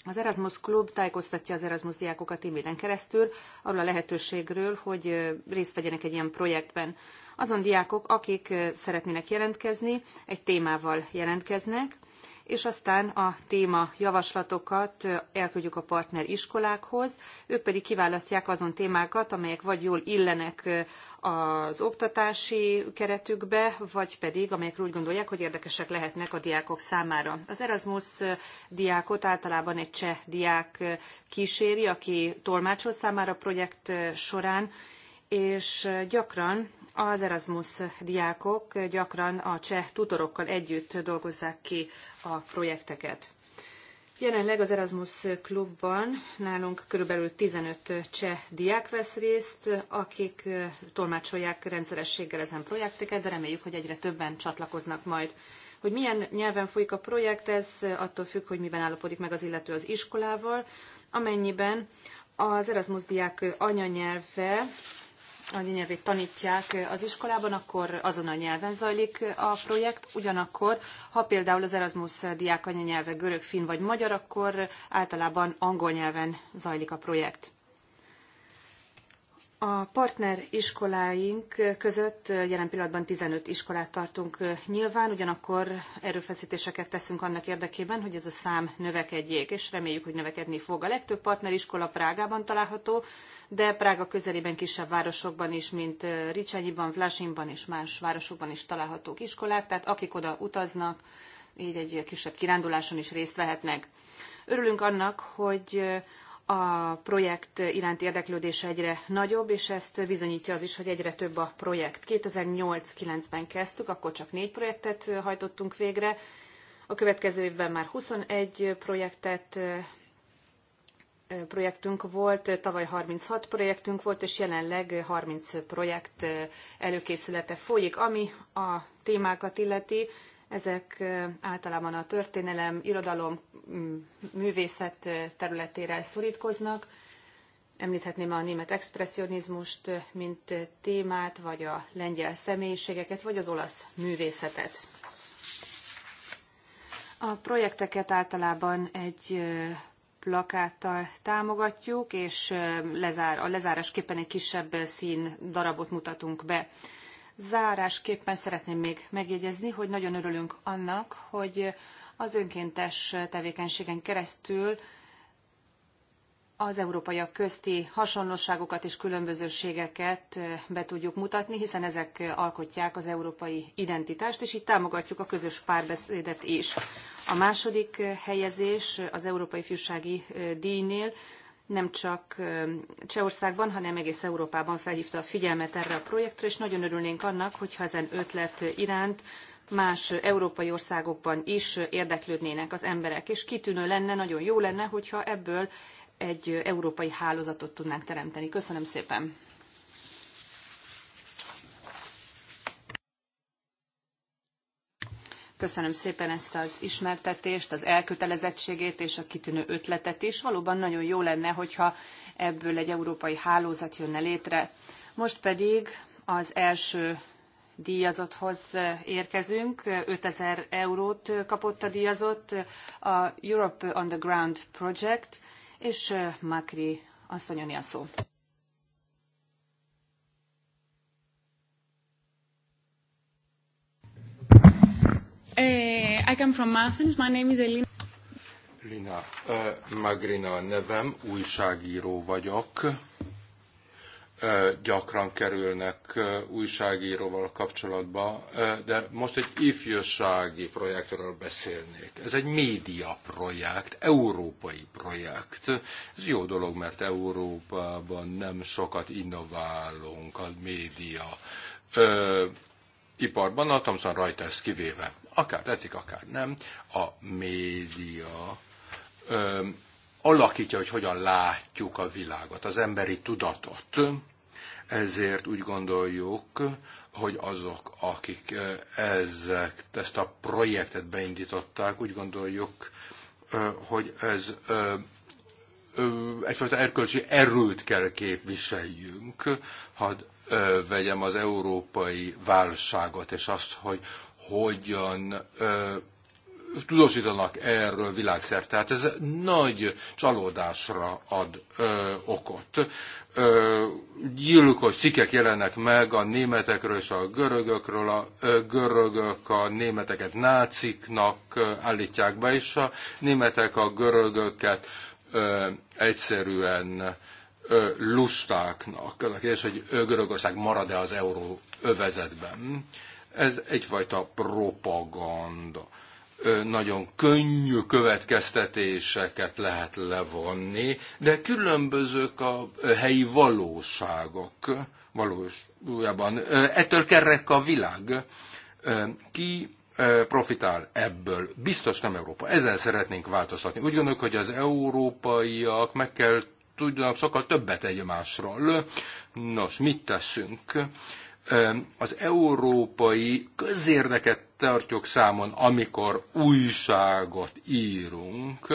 Az Erasmus Klub tájékoztatja az Erasmus diákokat e-mailen keresztül arról a lehetőségről, hogy részt vegyenek egy ilyen projektben. Azon diákok, akik szeretnének jelentkezni, egy témával jelentkeznek, és aztán a téma javaslatokat elküldjük a partner iskolákhoz, ők pedig kiválasztják azon témákat, amelyek vagy jól illenek az oktatási keretükbe, vagy pedig amelyekről úgy gondolják, hogy érdekesek lehetnek a diákok számára. Az Erasmus diákot általában egy cseh diák kíséri, aki tolmácsol számára a projekt során, és gyakran az Erasmus diákok gyakran a cseh tutorokkal együtt dolgozzák ki a projekteket. Jelenleg az Erasmus klubban nálunk körülbelül 15 cseh diák vesz részt, akik tolmácsolják rendszerességgel ezen projekteket, de reméljük, hogy egyre többen csatlakoznak majd. Hogy milyen nyelven folyik a projekt, ez attól függ, hogy miben állapodik meg az illető az iskolával, amennyiben az Erasmus diák anyanyelve a nyelvét tanítják az iskolában, akkor azon a nyelven zajlik a projekt. Ugyanakkor, ha például az Erasmus diák anyanyelve görög, finn vagy magyar, akkor általában angol nyelven zajlik a projekt. A partner iskoláink között jelen pillanatban 15 iskolát tartunk nyilván, ugyanakkor erőfeszítéseket teszünk annak érdekében, hogy ez a szám növekedjék, és reméljük, hogy növekedni fog. A legtöbb partneriskola Prágában található, de Prága közelében kisebb városokban is, mint Ricsányiban, Vlasinban és más városokban is találhatók iskolák, tehát akik oda utaznak, így egy kisebb kiránduláson is részt vehetnek. Örülünk annak, hogy a projekt iránt érdeklődés egyre nagyobb, és ezt bizonyítja az is, hogy egyre több a projekt. 2008-9-ben kezdtük, akkor csak négy projektet hajtottunk végre, a következő évben már 21 projektet projektünk volt, tavaly 36 projektünk volt, és jelenleg 30 projekt előkészülete folyik, ami a témákat illeti. Ezek általában a történelem, irodalom, művészet területére szorítkoznak. Említhetném a német expressionizmust, mint témát, vagy a lengyel személyiségeket, vagy az olasz művészetet. A projekteket általában egy plakáttal támogatjuk, és lezár, a lezárásképpen egy kisebb szín darabot mutatunk be. Zárásképpen szeretném még megjegyezni, hogy nagyon örülünk annak, hogy az önkéntes tevékenységen keresztül az európaiak közti hasonlóságokat és különbözőségeket be tudjuk mutatni, hiszen ezek alkotják az európai identitást, és így támogatjuk a közös párbeszédet is. A második helyezés az Európai Fűsági Díjnél nem csak Csehországban, hanem egész Európában felhívta a figyelmet erre a projektre, és nagyon örülnénk annak, hogyha ezen ötlet iránt más európai országokban is érdeklődnének az emberek, és kitűnő lenne, nagyon jó lenne, hogyha ebből egy európai hálózatot tudnánk teremteni. Köszönöm szépen! Köszönöm szépen ezt az ismertetést, az elkötelezettségét és a kitűnő ötletet is. Valóban nagyon jó lenne, hogyha ebből egy európai hálózat jönne létre. Most pedig az első díjazotthoz érkezünk. 5000 eurót kapott a díjazott a Europe on the Ground Project, és Makri asszonyoni a szó. Eh, I come from Athens. My name is Elina. Lina eh, Magrina a nevem, újságíró vagyok. Eh, gyakran kerülnek újságíróval kapcsolatba, de most egy ifjúsági projektről beszélnék. Ez egy média projekt, európai projekt. Ez jó dolog, mert Európában nem sokat innoválunk a média iparban, a Thomson Reuters kivéve. Akár tetszik, akár nem, a média ö, alakítja, hogy hogyan látjuk a világot, az emberi tudatot. Ezért úgy gondoljuk, hogy azok, akik ezek, ezt a projektet beindították, úgy gondoljuk, hogy ez egyfajta erkölcsi erőt kell képviseljünk. Hadd vegyem az európai válságot, és azt, hogy hogyan ö, tudósítanak erről világszerte. Tehát ez nagy csalódásra ad ö, okot. Ö, gyilkos cikek jelennek meg a németekről és a görögökről. A ö, görögök a németeket náciknak ö, állítják be, és a németek a görögöket ö, egyszerűen lustáknak. A kérdés, hogy Görögország marad-e az euró övezetben. Ez egyfajta propaganda. Nagyon könnyű következtetéseket lehet levonni, de különbözők a helyi valóságok. Valójában ettől kerek a világ. Ki profitál ebből. Biztos nem Európa. Ezen szeretnénk változtatni. Úgy gondolok, hogy az európaiak meg kell tudnak sokkal többet egymásról. Nos, mit teszünk? Az európai közérdeket tartjuk számon, amikor újságot írunk,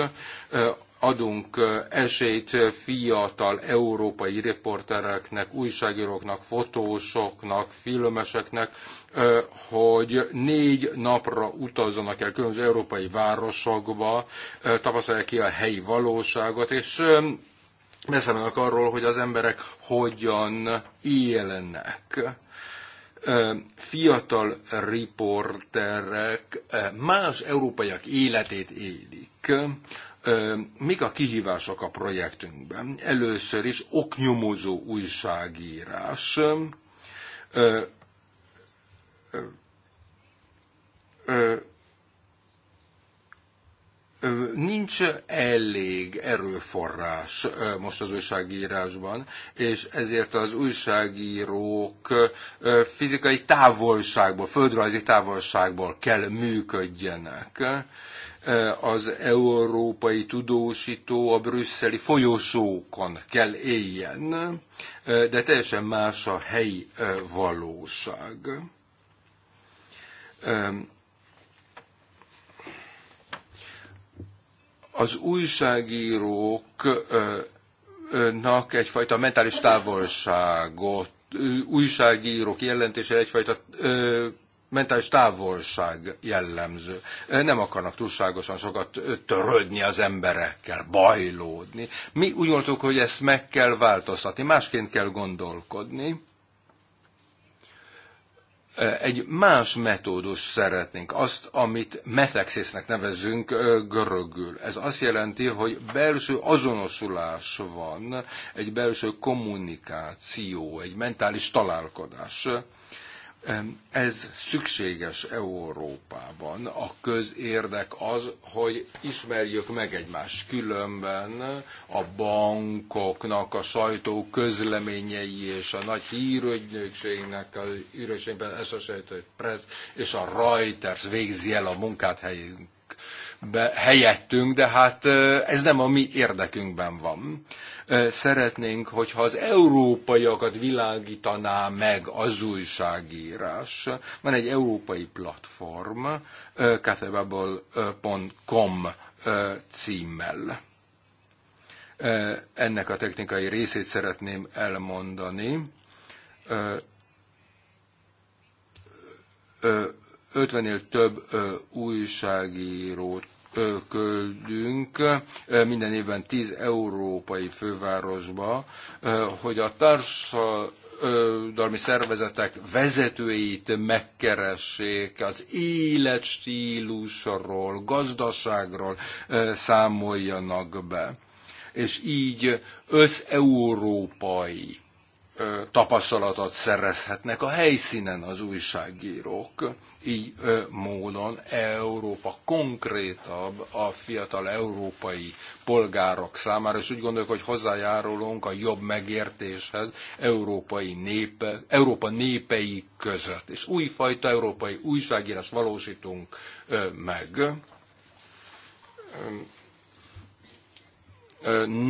adunk esélyt fiatal európai riportereknek, újságíróknak, fotósoknak, filmeseknek, hogy négy napra utazzanak el különböző európai városokba, tapasztalják ki a helyi valóságot, és messze arról, hogy az emberek hogyan élnek. Fiatal riporterek más európaiak életét élik. Mik a kihívások a projektünkben? Először is oknyomozó újságírás, nincs elég erőforrás most az újságírásban, és ezért az újságírók fizikai távolságból, földrajzi távolságból kell működjenek. Az európai tudósító a brüsszeli folyosókon kell éljen, de teljesen más a helyi valóság az újságíróknak egyfajta mentális távolságot, újságírók jelentése egyfajta ö, mentális távolság jellemző. Nem akarnak túlságosan sokat törődni az emberekkel, bajlódni. Mi úgy gondoltuk, hogy ezt meg kell változtatni, másként kell gondolkodni egy más metódus szeretnénk, azt, amit metexésznek nevezünk görögül. Ez azt jelenti, hogy belső azonosulás van, egy belső kommunikáció, egy mentális találkozás. Ez szükséges Európában. A közérdek az, hogy ismerjük meg egymást. Különben a bankoknak, a sajtó közleményei és a nagy hírügynökségnek, a hírügynökségben SSA Press és a Reuters végzi el a munkát helyünk be helyettünk, de hát ez nem a mi érdekünkben van. Szeretnénk, hogyha az európaiakat világítaná meg az újságírás. Van egy európai platform, cathebubble.com címmel. Ennek a technikai részét szeretném elmondani 50-nél több újságírót köldünk minden évben 10 európai fővárosba, hogy a társadalmi szervezetek vezetőit megkeressék, az életstílusról, gazdaságról számoljanak be. És így összeurópai tapasztalatot szerezhetnek a helyszínen az újságírók. Így módon Európa konkrétabb a fiatal európai polgárok számára, és úgy gondoljuk, hogy hozzájárulunk a jobb megértéshez európai népe, Európa népei között. És újfajta európai újságírás valósítunk meg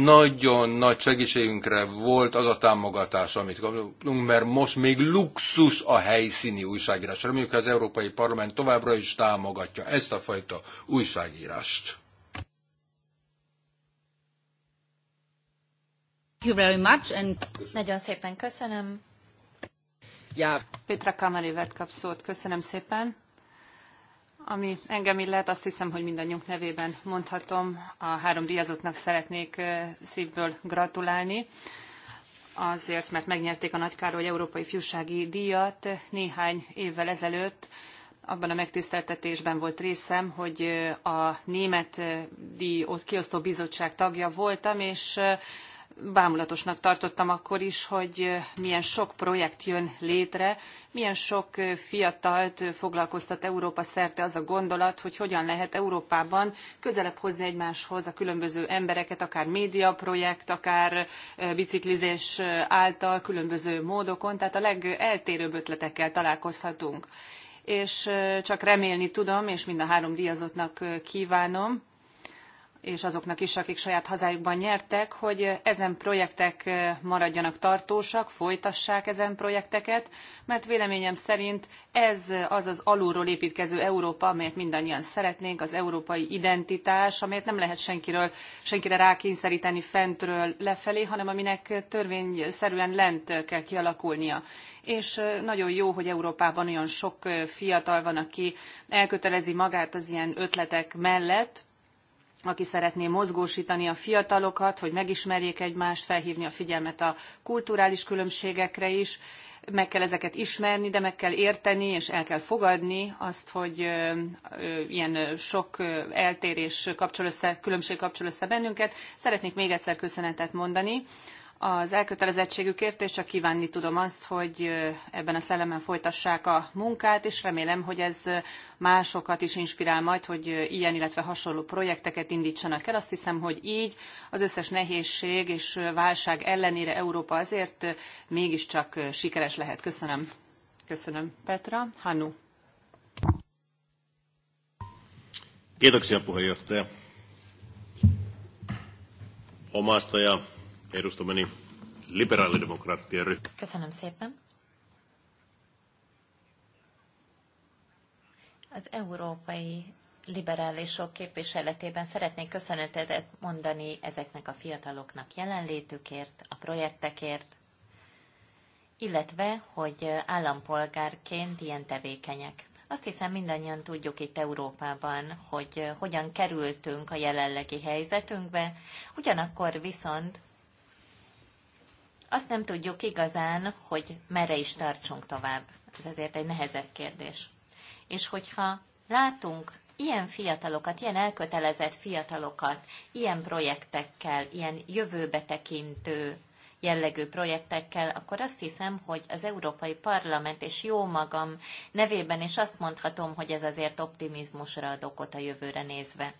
nagyon nagy segítségünkre volt az a támogatás, amit kaptunk, mert most még luxus a helyszíni újságírás. Reméljük, az Európai Parlament továbbra is támogatja ezt a fajta újságírást. Thank you very much, and... Nagyon szépen köszönöm. Yeah. Petra Kamerivert kap szót. Köszönöm szépen. Ami engem illet, azt hiszem, hogy mindannyiunk nevében mondhatom. A három díjazottnak szeretnék szívből gratulálni azért, mert megnyerték a Nagy Károly Európai Fiúsági Díjat néhány évvel ezelőtt. Abban a megtiszteltetésben volt részem, hogy a Német Díj Kiosztó Bizottság tagja voltam, és bámulatosnak tartottam akkor is, hogy milyen sok projekt jön létre, milyen sok fiatalt foglalkoztat Európa szerte az a gondolat, hogy hogyan lehet Európában közelebb hozni egymáshoz a különböző embereket, akár médiaprojekt, akár biciklizés által, különböző módokon, tehát a legeltérőbb ötletekkel találkozhatunk. És csak remélni tudom, és mind a három díjazottnak kívánom, és azoknak is, akik saját hazájukban nyertek, hogy ezen projektek maradjanak tartósak, folytassák ezen projekteket, mert véleményem szerint ez az az alulról építkező Európa, amelyet mindannyian szeretnénk, az európai identitás, amelyet nem lehet senkiről, senkire rákényszeríteni fentről lefelé, hanem aminek törvényszerűen lent kell kialakulnia. És nagyon jó, hogy Európában olyan sok fiatal van, aki elkötelezi magát az ilyen ötletek mellett, aki szeretné mozgósítani a fiatalokat, hogy megismerjék egymást, felhívni a figyelmet a kulturális különbségekre is. Meg kell ezeket ismerni, de meg kell érteni, és el kell fogadni azt, hogy ilyen sok eltérés kapcsol össze, különbség kapcsol össze bennünket. Szeretnék még egyszer köszönetet mondani az elkötelezettségükért, és csak kívánni tudom azt, hogy ebben a szellemben folytassák a munkát, és remélem, hogy ez másokat is inspirál majd, hogy ilyen, illetve hasonló projekteket indítsanak el. Azt hiszem, hogy így az összes nehézség és válság ellenére Európa azért mégiscsak sikeres lehet. Köszönöm. Köszönöm, Petra. Hannu. Kiitoksia puheenjohtaja. Omasta ja edustamani liberaalidemokraattien ryhmä. Köszönöm szépen. Az európai liberálisok képviseletében szeretnék köszönetet mondani ezeknek a fiataloknak jelenlétükért, a projektekért, illetve, hogy állampolgárként ilyen tevékenyek. Azt hiszem mindannyian tudjuk itt Európában, hogy hogyan kerültünk a jelenlegi helyzetünkbe, ugyanakkor viszont azt nem tudjuk igazán, hogy merre is tartsunk tovább. Ez azért egy nehezebb kérdés. És hogyha látunk ilyen fiatalokat, ilyen elkötelezett fiatalokat, ilyen projektekkel, ilyen jövőbe tekintő jellegű projektekkel, akkor azt hiszem, hogy az Európai Parlament és jó magam nevében is azt mondhatom, hogy ez azért optimizmusra ad okot a jövőre nézve.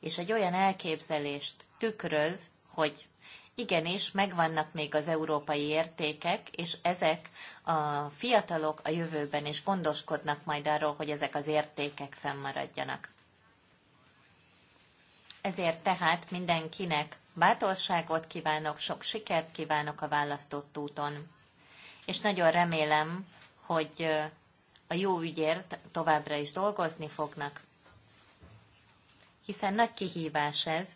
És egy olyan elképzelést tükröz, hogy igenis megvannak még az európai értékek, és ezek a fiatalok a jövőben is gondoskodnak majd arról, hogy ezek az értékek fennmaradjanak. Ezért tehát mindenkinek bátorságot kívánok, sok sikert kívánok a választott úton. És nagyon remélem, hogy a jó ügyért továbbra is dolgozni fognak, hiszen nagy kihívás ez,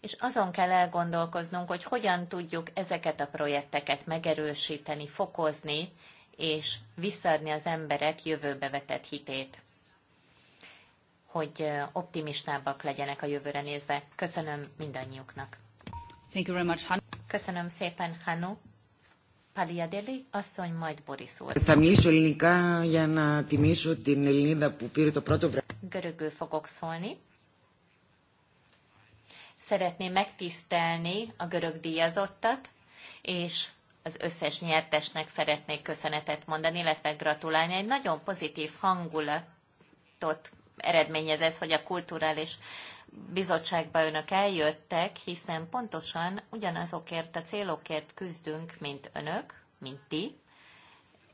és azon kell elgondolkoznunk, hogy hogyan tudjuk ezeket a projekteket megerősíteni, fokozni, és visszaadni az emberek jövőbe vetett hitét, hogy optimistábbak legyenek a jövőre nézve. Köszönöm mindannyiuknak. Thank you very much, Han- Köszönöm szépen, Hanu. Παλιαδέλη, asszony, majd Boris úr. Görögül fogok szólni, szeretném megtisztelni a görög díjazottat, és az összes nyertesnek szeretnék köszönetet mondani, illetve gratulálni. Egy nagyon pozitív hangulatot eredményez ez, hogy a kulturális bizottságba önök eljöttek, hiszen pontosan ugyanazokért a célokért küzdünk, mint önök, mint ti,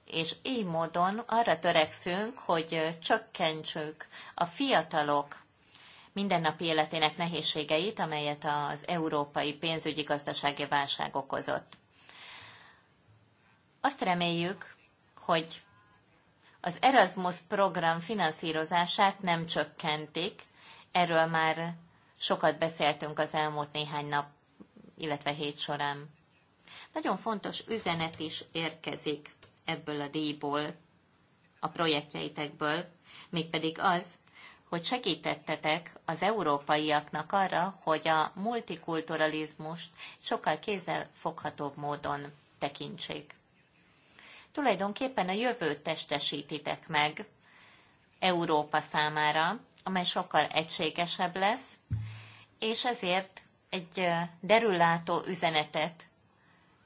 és így módon arra törekszünk, hogy csökkentsük a fiatalok mindennapi életének nehézségeit, amelyet az európai pénzügyi gazdasági válság okozott. Azt reméljük, hogy az Erasmus program finanszírozását nem csökkentik, erről már sokat beszéltünk az elmúlt néhány nap, illetve hét során. Nagyon fontos üzenet is érkezik ebből a díjból, a projektjeitekből, mégpedig az, hogy segítettetek az európaiaknak arra, hogy a multikulturalizmust sokkal kézzelfoghatóbb módon tekintsék. Tulajdonképpen a jövőt testesítitek meg Európa számára, amely sokkal egységesebb lesz, és ezért egy derülátó üzenetet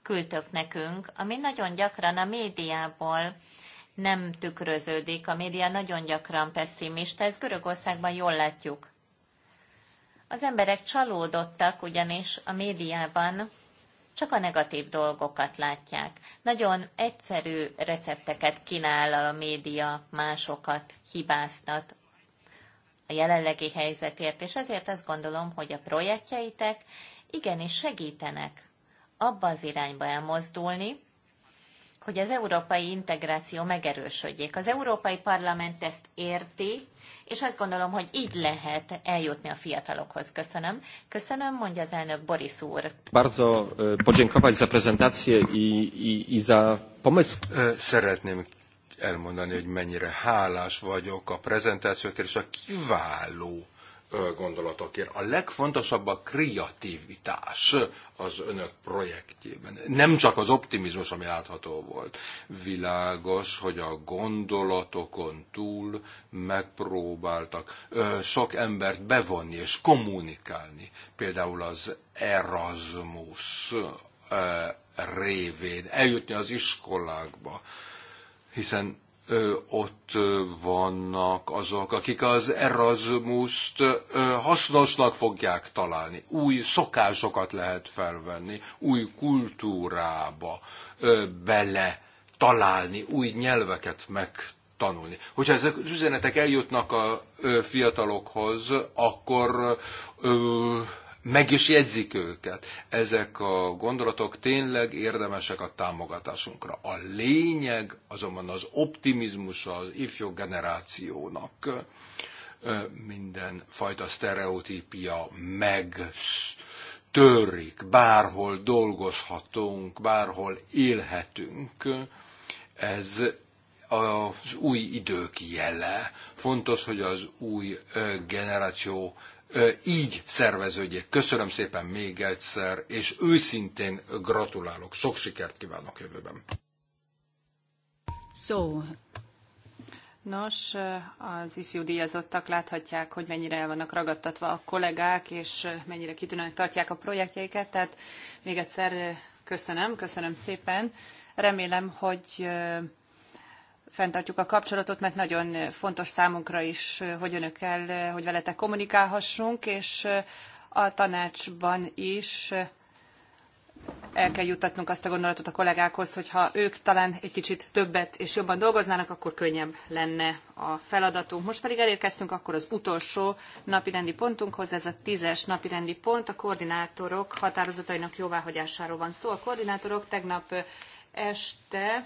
küldtök nekünk, ami nagyon gyakran a médiából nem tükröződik. A média nagyon gyakran pessimista, ezt Görögországban jól látjuk. Az emberek csalódottak, ugyanis a médiában csak a negatív dolgokat látják. Nagyon egyszerű recepteket kínál a média, másokat hibáztat a jelenlegi helyzetért, és ezért azt gondolom, hogy a projektjeitek igenis segítenek abba az irányba elmozdulni, hogy az európai integráció megerősödjék. Az Európai Parlament ezt érti, és azt gondolom, hogy így lehet eljutni a fiatalokhoz. Köszönöm. Köszönöm, mondja az elnök Boris úr. Bardzo e, podziękować za prezentację i, i, i za pomysł. E, szeretném elmondani, hogy mennyire hálás vagyok a prezentációkért és a kiváló gondolatokért. A legfontosabb a kreativitás az önök projektjében. Nem csak az optimizmus, ami látható volt. Világos, hogy a gondolatokon túl megpróbáltak ö, sok embert bevonni és kommunikálni. Például az Erasmus ö, révén eljutni az iskolákba, hiszen ott vannak azok, akik az Erasmus-t hasznosnak fogják találni. Új szokásokat lehet felvenni, új kultúrába bele találni, új nyelveket megtanulni. Hogyha ezek az üzenetek eljutnak a fiatalokhoz, akkor meg is jegyzik őket. Ezek a gondolatok tényleg érdemesek a támogatásunkra. A lényeg azonban az optimizmus az ifjú generációnak minden fajta sztereotípia meg törik, bárhol dolgozhatunk, bárhol élhetünk. Ez az új idők jele. Fontos, hogy az új generáció így szerveződjék. Köszönöm szépen még egyszer, és őszintén gratulálok. Sok sikert kívánok jövőben. So, Nos, az ifjú díjazottak láthatják, hogy mennyire el vannak ragadtatva a kollégák, és mennyire kitűnőnek tartják a projektjeiket, tehát még egyszer köszönöm, köszönöm szépen. Remélem, hogy fenntartjuk a kapcsolatot, mert nagyon fontos számunkra is, hogy önökkel, hogy veletek kommunikálhassunk, és a tanácsban is el kell juttatnunk azt a gondolatot a kollégákhoz, hogy ha ők talán egy kicsit többet és jobban dolgoznának, akkor könnyebb lenne a feladatunk. Most pedig elérkeztünk akkor az utolsó napirendi pontunkhoz, ez a tízes napirendi pont, a koordinátorok határozatainak jóváhagyásáról van szó. A koordinátorok tegnap este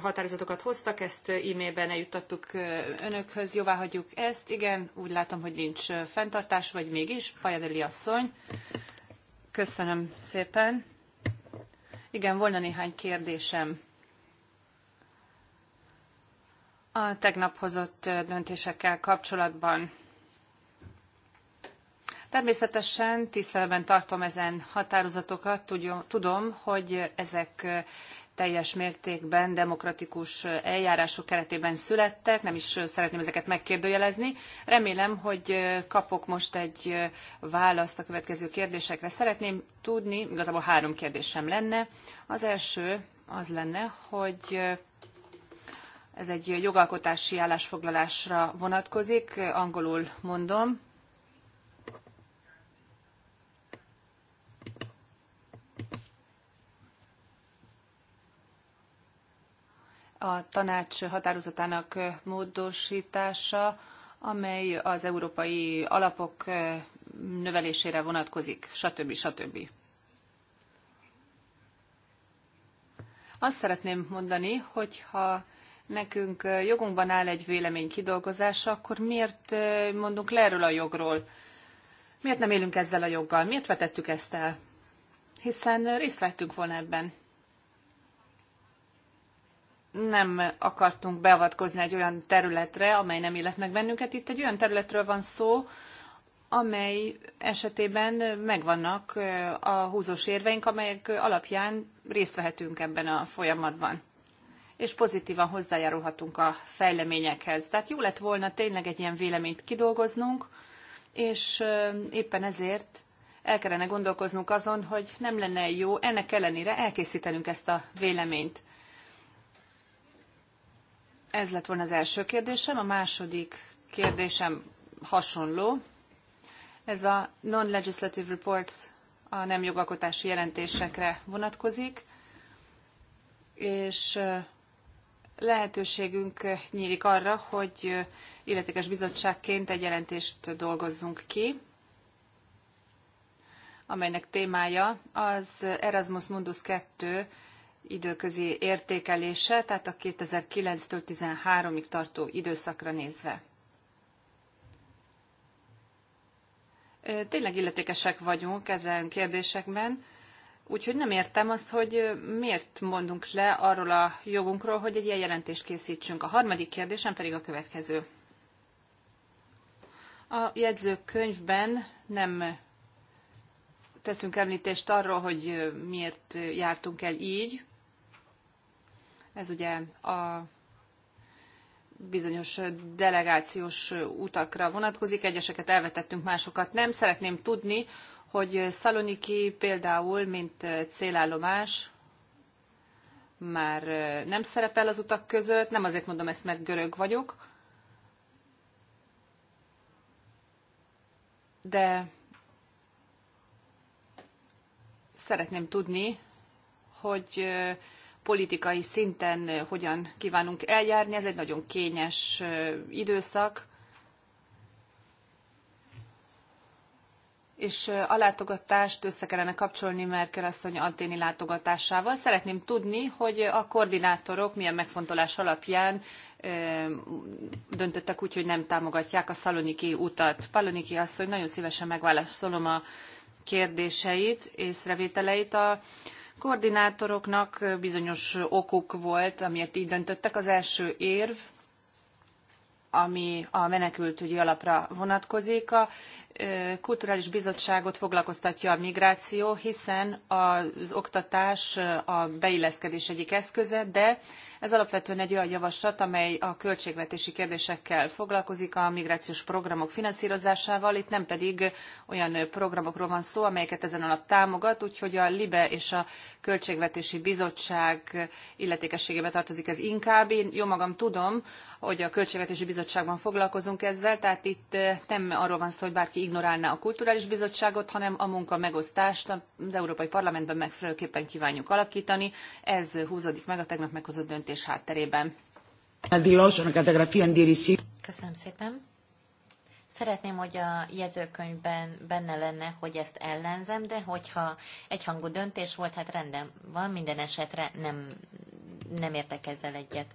határozatokat hoztak, ezt e-mailben eljuttattuk önökhöz, jóvá hagyjuk ezt. Igen, úgy látom, hogy nincs fenntartás, vagy mégis. Pajadeli asszony, köszönöm szépen. Igen, volna néhány kérdésem. A tegnap hozott döntésekkel kapcsolatban Természetesen tiszteletben tartom ezen határozatokat, tudom, hogy ezek teljes mértékben demokratikus eljárások keretében születtek, nem is szeretném ezeket megkérdőjelezni. Remélem, hogy kapok most egy választ a következő kérdésekre. Szeretném tudni, igazából három kérdésem lenne. Az első az lenne, hogy ez egy jogalkotási állásfoglalásra vonatkozik, angolul mondom, a tanács határozatának módosítása, amely az európai alapok növelésére vonatkozik, stb. stb. Azt szeretném mondani, hogy ha nekünk jogunkban áll egy vélemény kidolgozása, akkor miért mondunk le erről a jogról? Miért nem élünk ezzel a joggal? Miért vetettük ezt el? Hiszen részt vettünk volna ebben nem akartunk beavatkozni egy olyan területre, amely nem illet meg bennünket. Itt egy olyan területről van szó, amely esetében megvannak a húzós érveink, amelyek alapján részt vehetünk ebben a folyamatban és pozitívan hozzájárulhatunk a fejleményekhez. Tehát jó lett volna tényleg egy ilyen véleményt kidolgoznunk, és éppen ezért el kellene gondolkoznunk azon, hogy nem lenne jó ennek ellenére elkészítenünk ezt a véleményt. Ez lett volna az első kérdésem. A második kérdésem hasonló. Ez a non-legislative reports a nem jogalkotási jelentésekre vonatkozik, és lehetőségünk nyílik arra, hogy illetékes bizottságként egy jelentést dolgozzunk ki, amelynek témája az Erasmus Mundus 2 időközi értékelése, tehát a 2009-től 13-ig tartó időszakra nézve. Tényleg illetékesek vagyunk ezen kérdésekben, úgyhogy nem értem azt, hogy miért mondunk le arról a jogunkról, hogy egy ilyen jelentést készítsünk. A harmadik kérdésem pedig a következő. A jegyzőkönyvben nem teszünk említést arról, hogy miért jártunk el így. Ez ugye a bizonyos delegációs utakra vonatkozik, egyeseket elvetettünk, másokat nem. Szeretném tudni, hogy Szaloniki például, mint célállomás, már nem szerepel az utak között, nem azért mondom ezt, mert görög vagyok, de szeretném tudni, hogy politikai szinten hogyan kívánunk eljárni. Ez egy nagyon kényes időszak. és a látogatást össze kellene kapcsolni Merkel asszony anténi látogatásával. Szeretném tudni, hogy a koordinátorok milyen megfontolás alapján döntöttek úgy, hogy nem támogatják a Szaloniki utat. Paloniki asszony, nagyon szívesen megválaszolom a kérdéseit, észrevételeit. A koordinátoroknak bizonyos okuk volt, amiért így döntöttek. Az első érv ami a menekültügyi alapra vonatkozik. A Kulturális Bizottságot foglalkoztatja a migráció, hiszen az oktatás a beilleszkedés egyik eszköze, de ez alapvetően egy olyan javaslat, amely a költségvetési kérdésekkel foglalkozik, a migrációs programok finanszírozásával, itt nem pedig olyan programokról van szó, amelyeket ezen alap támogat, úgyhogy a LIBE és a Költségvetési Bizottság illetékességébe tartozik ez inkább. Én jó magam tudom, hogy a Költségvetési Bizottságban foglalkozunk ezzel, tehát itt nem arról van szó, hogy bárki ignorálná a Kulturális Bizottságot, hanem a munka megosztást az Európai Parlamentben megfelelőképpen kívánjuk alakítani. Ez húzódik meg a tegnap meghozott döntés hátterében. Köszönöm szépen. Szeretném, hogy a jegyzőkönyvben benne lenne, hogy ezt ellenzem, de hogyha egyhangú döntés volt, hát rendben van, minden esetre nem, nem értek ezzel egyet.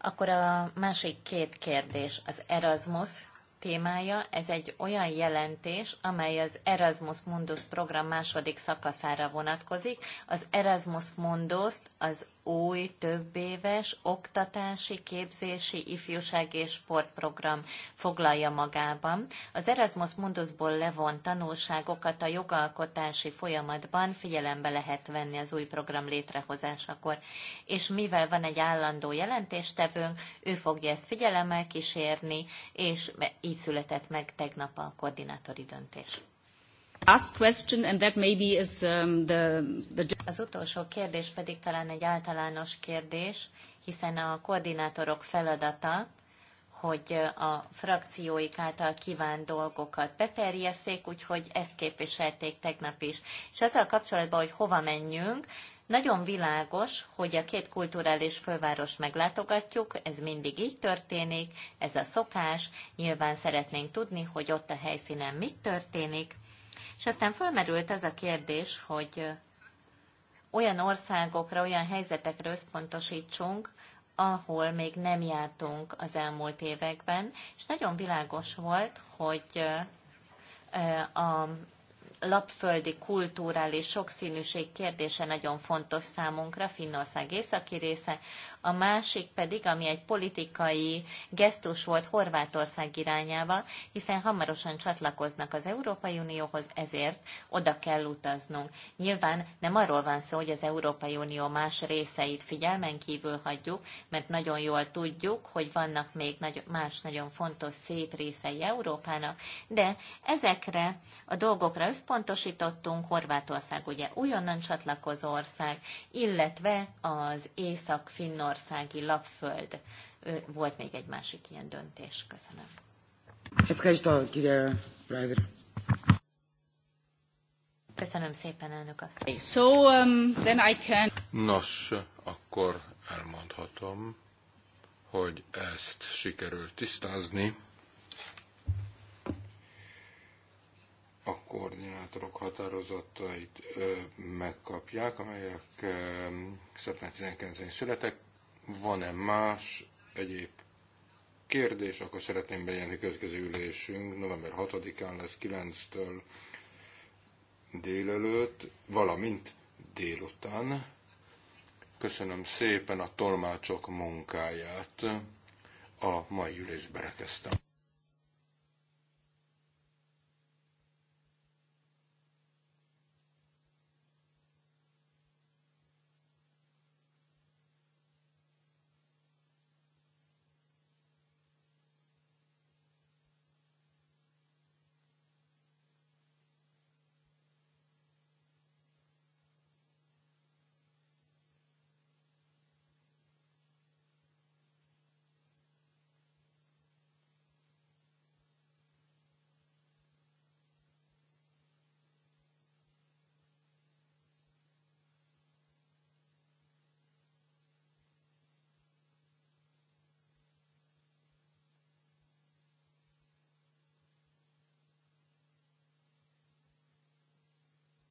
Akkor a másik két kérdés, az Erasmus témája, ez egy olyan jelentés, amely az Erasmus Mundus program második szakaszára vonatkozik. Az Erasmus Mundust az új többéves oktatási, képzési, ifjúsági és sportprogram foglalja magában. Az Erasmus Mundusból levont tanulságokat a jogalkotási folyamatban figyelembe lehet venni az új program létrehozásakor. És mivel van egy állandó jelentéstevőnk, ő fogja ezt figyelemmel kísérni, és így született meg tegnap a koordinátori döntés question, and that maybe is um, the, the... Az utolsó kérdés pedig talán egy általános kérdés, hiszen a koordinátorok feladata, hogy a frakcióik által kívánt dolgokat beterjesszék, úgyhogy ezt képviselték tegnap is. És ezzel kapcsolatban, hogy hova menjünk, nagyon világos, hogy a két kulturális főváros meglátogatjuk, ez mindig így történik, ez a szokás, nyilván szeretnénk tudni, hogy ott a helyszínen mit történik, és aztán fölmerült az a kérdés, hogy olyan országokra, olyan helyzetekre összpontosítsunk, ahol még nem jártunk az elmúlt években, és nagyon világos volt, hogy a lapföldi kulturális sokszínűség kérdése nagyon fontos számunkra, Finnország északi része, a másik pedig, ami egy politikai gesztus volt Horvátország irányába, hiszen hamarosan csatlakoznak az Európai Unióhoz, ezért oda kell utaznunk. Nyilván nem arról van szó, hogy az Európai Unió más részeit figyelmen kívül hagyjuk, mert nagyon jól tudjuk, hogy vannak még más nagyon fontos szép részei Európának, de ezekre a dolgokra összpontosítottunk, Horvátország ugye újonnan csatlakozó ország, illetve az észak finnország magyarországi lapföld. Volt még egy másik ilyen döntés. Köszönöm. Köszönöm szépen, elnök asszony. So, um, then I can... Nos, akkor elmondhatom, hogy ezt sikerült tisztázni. a koordinátorok határozatait megkapják, amelyek szeptember 19-én születek. Van-e más egyéb kérdés, akkor szeretném bejelenteni a következő ülésünk november 6-án lesz 9-től délelőtt, valamint délután. Köszönöm szépen a tolmácsok munkáját. A mai ülésbe rekeztem.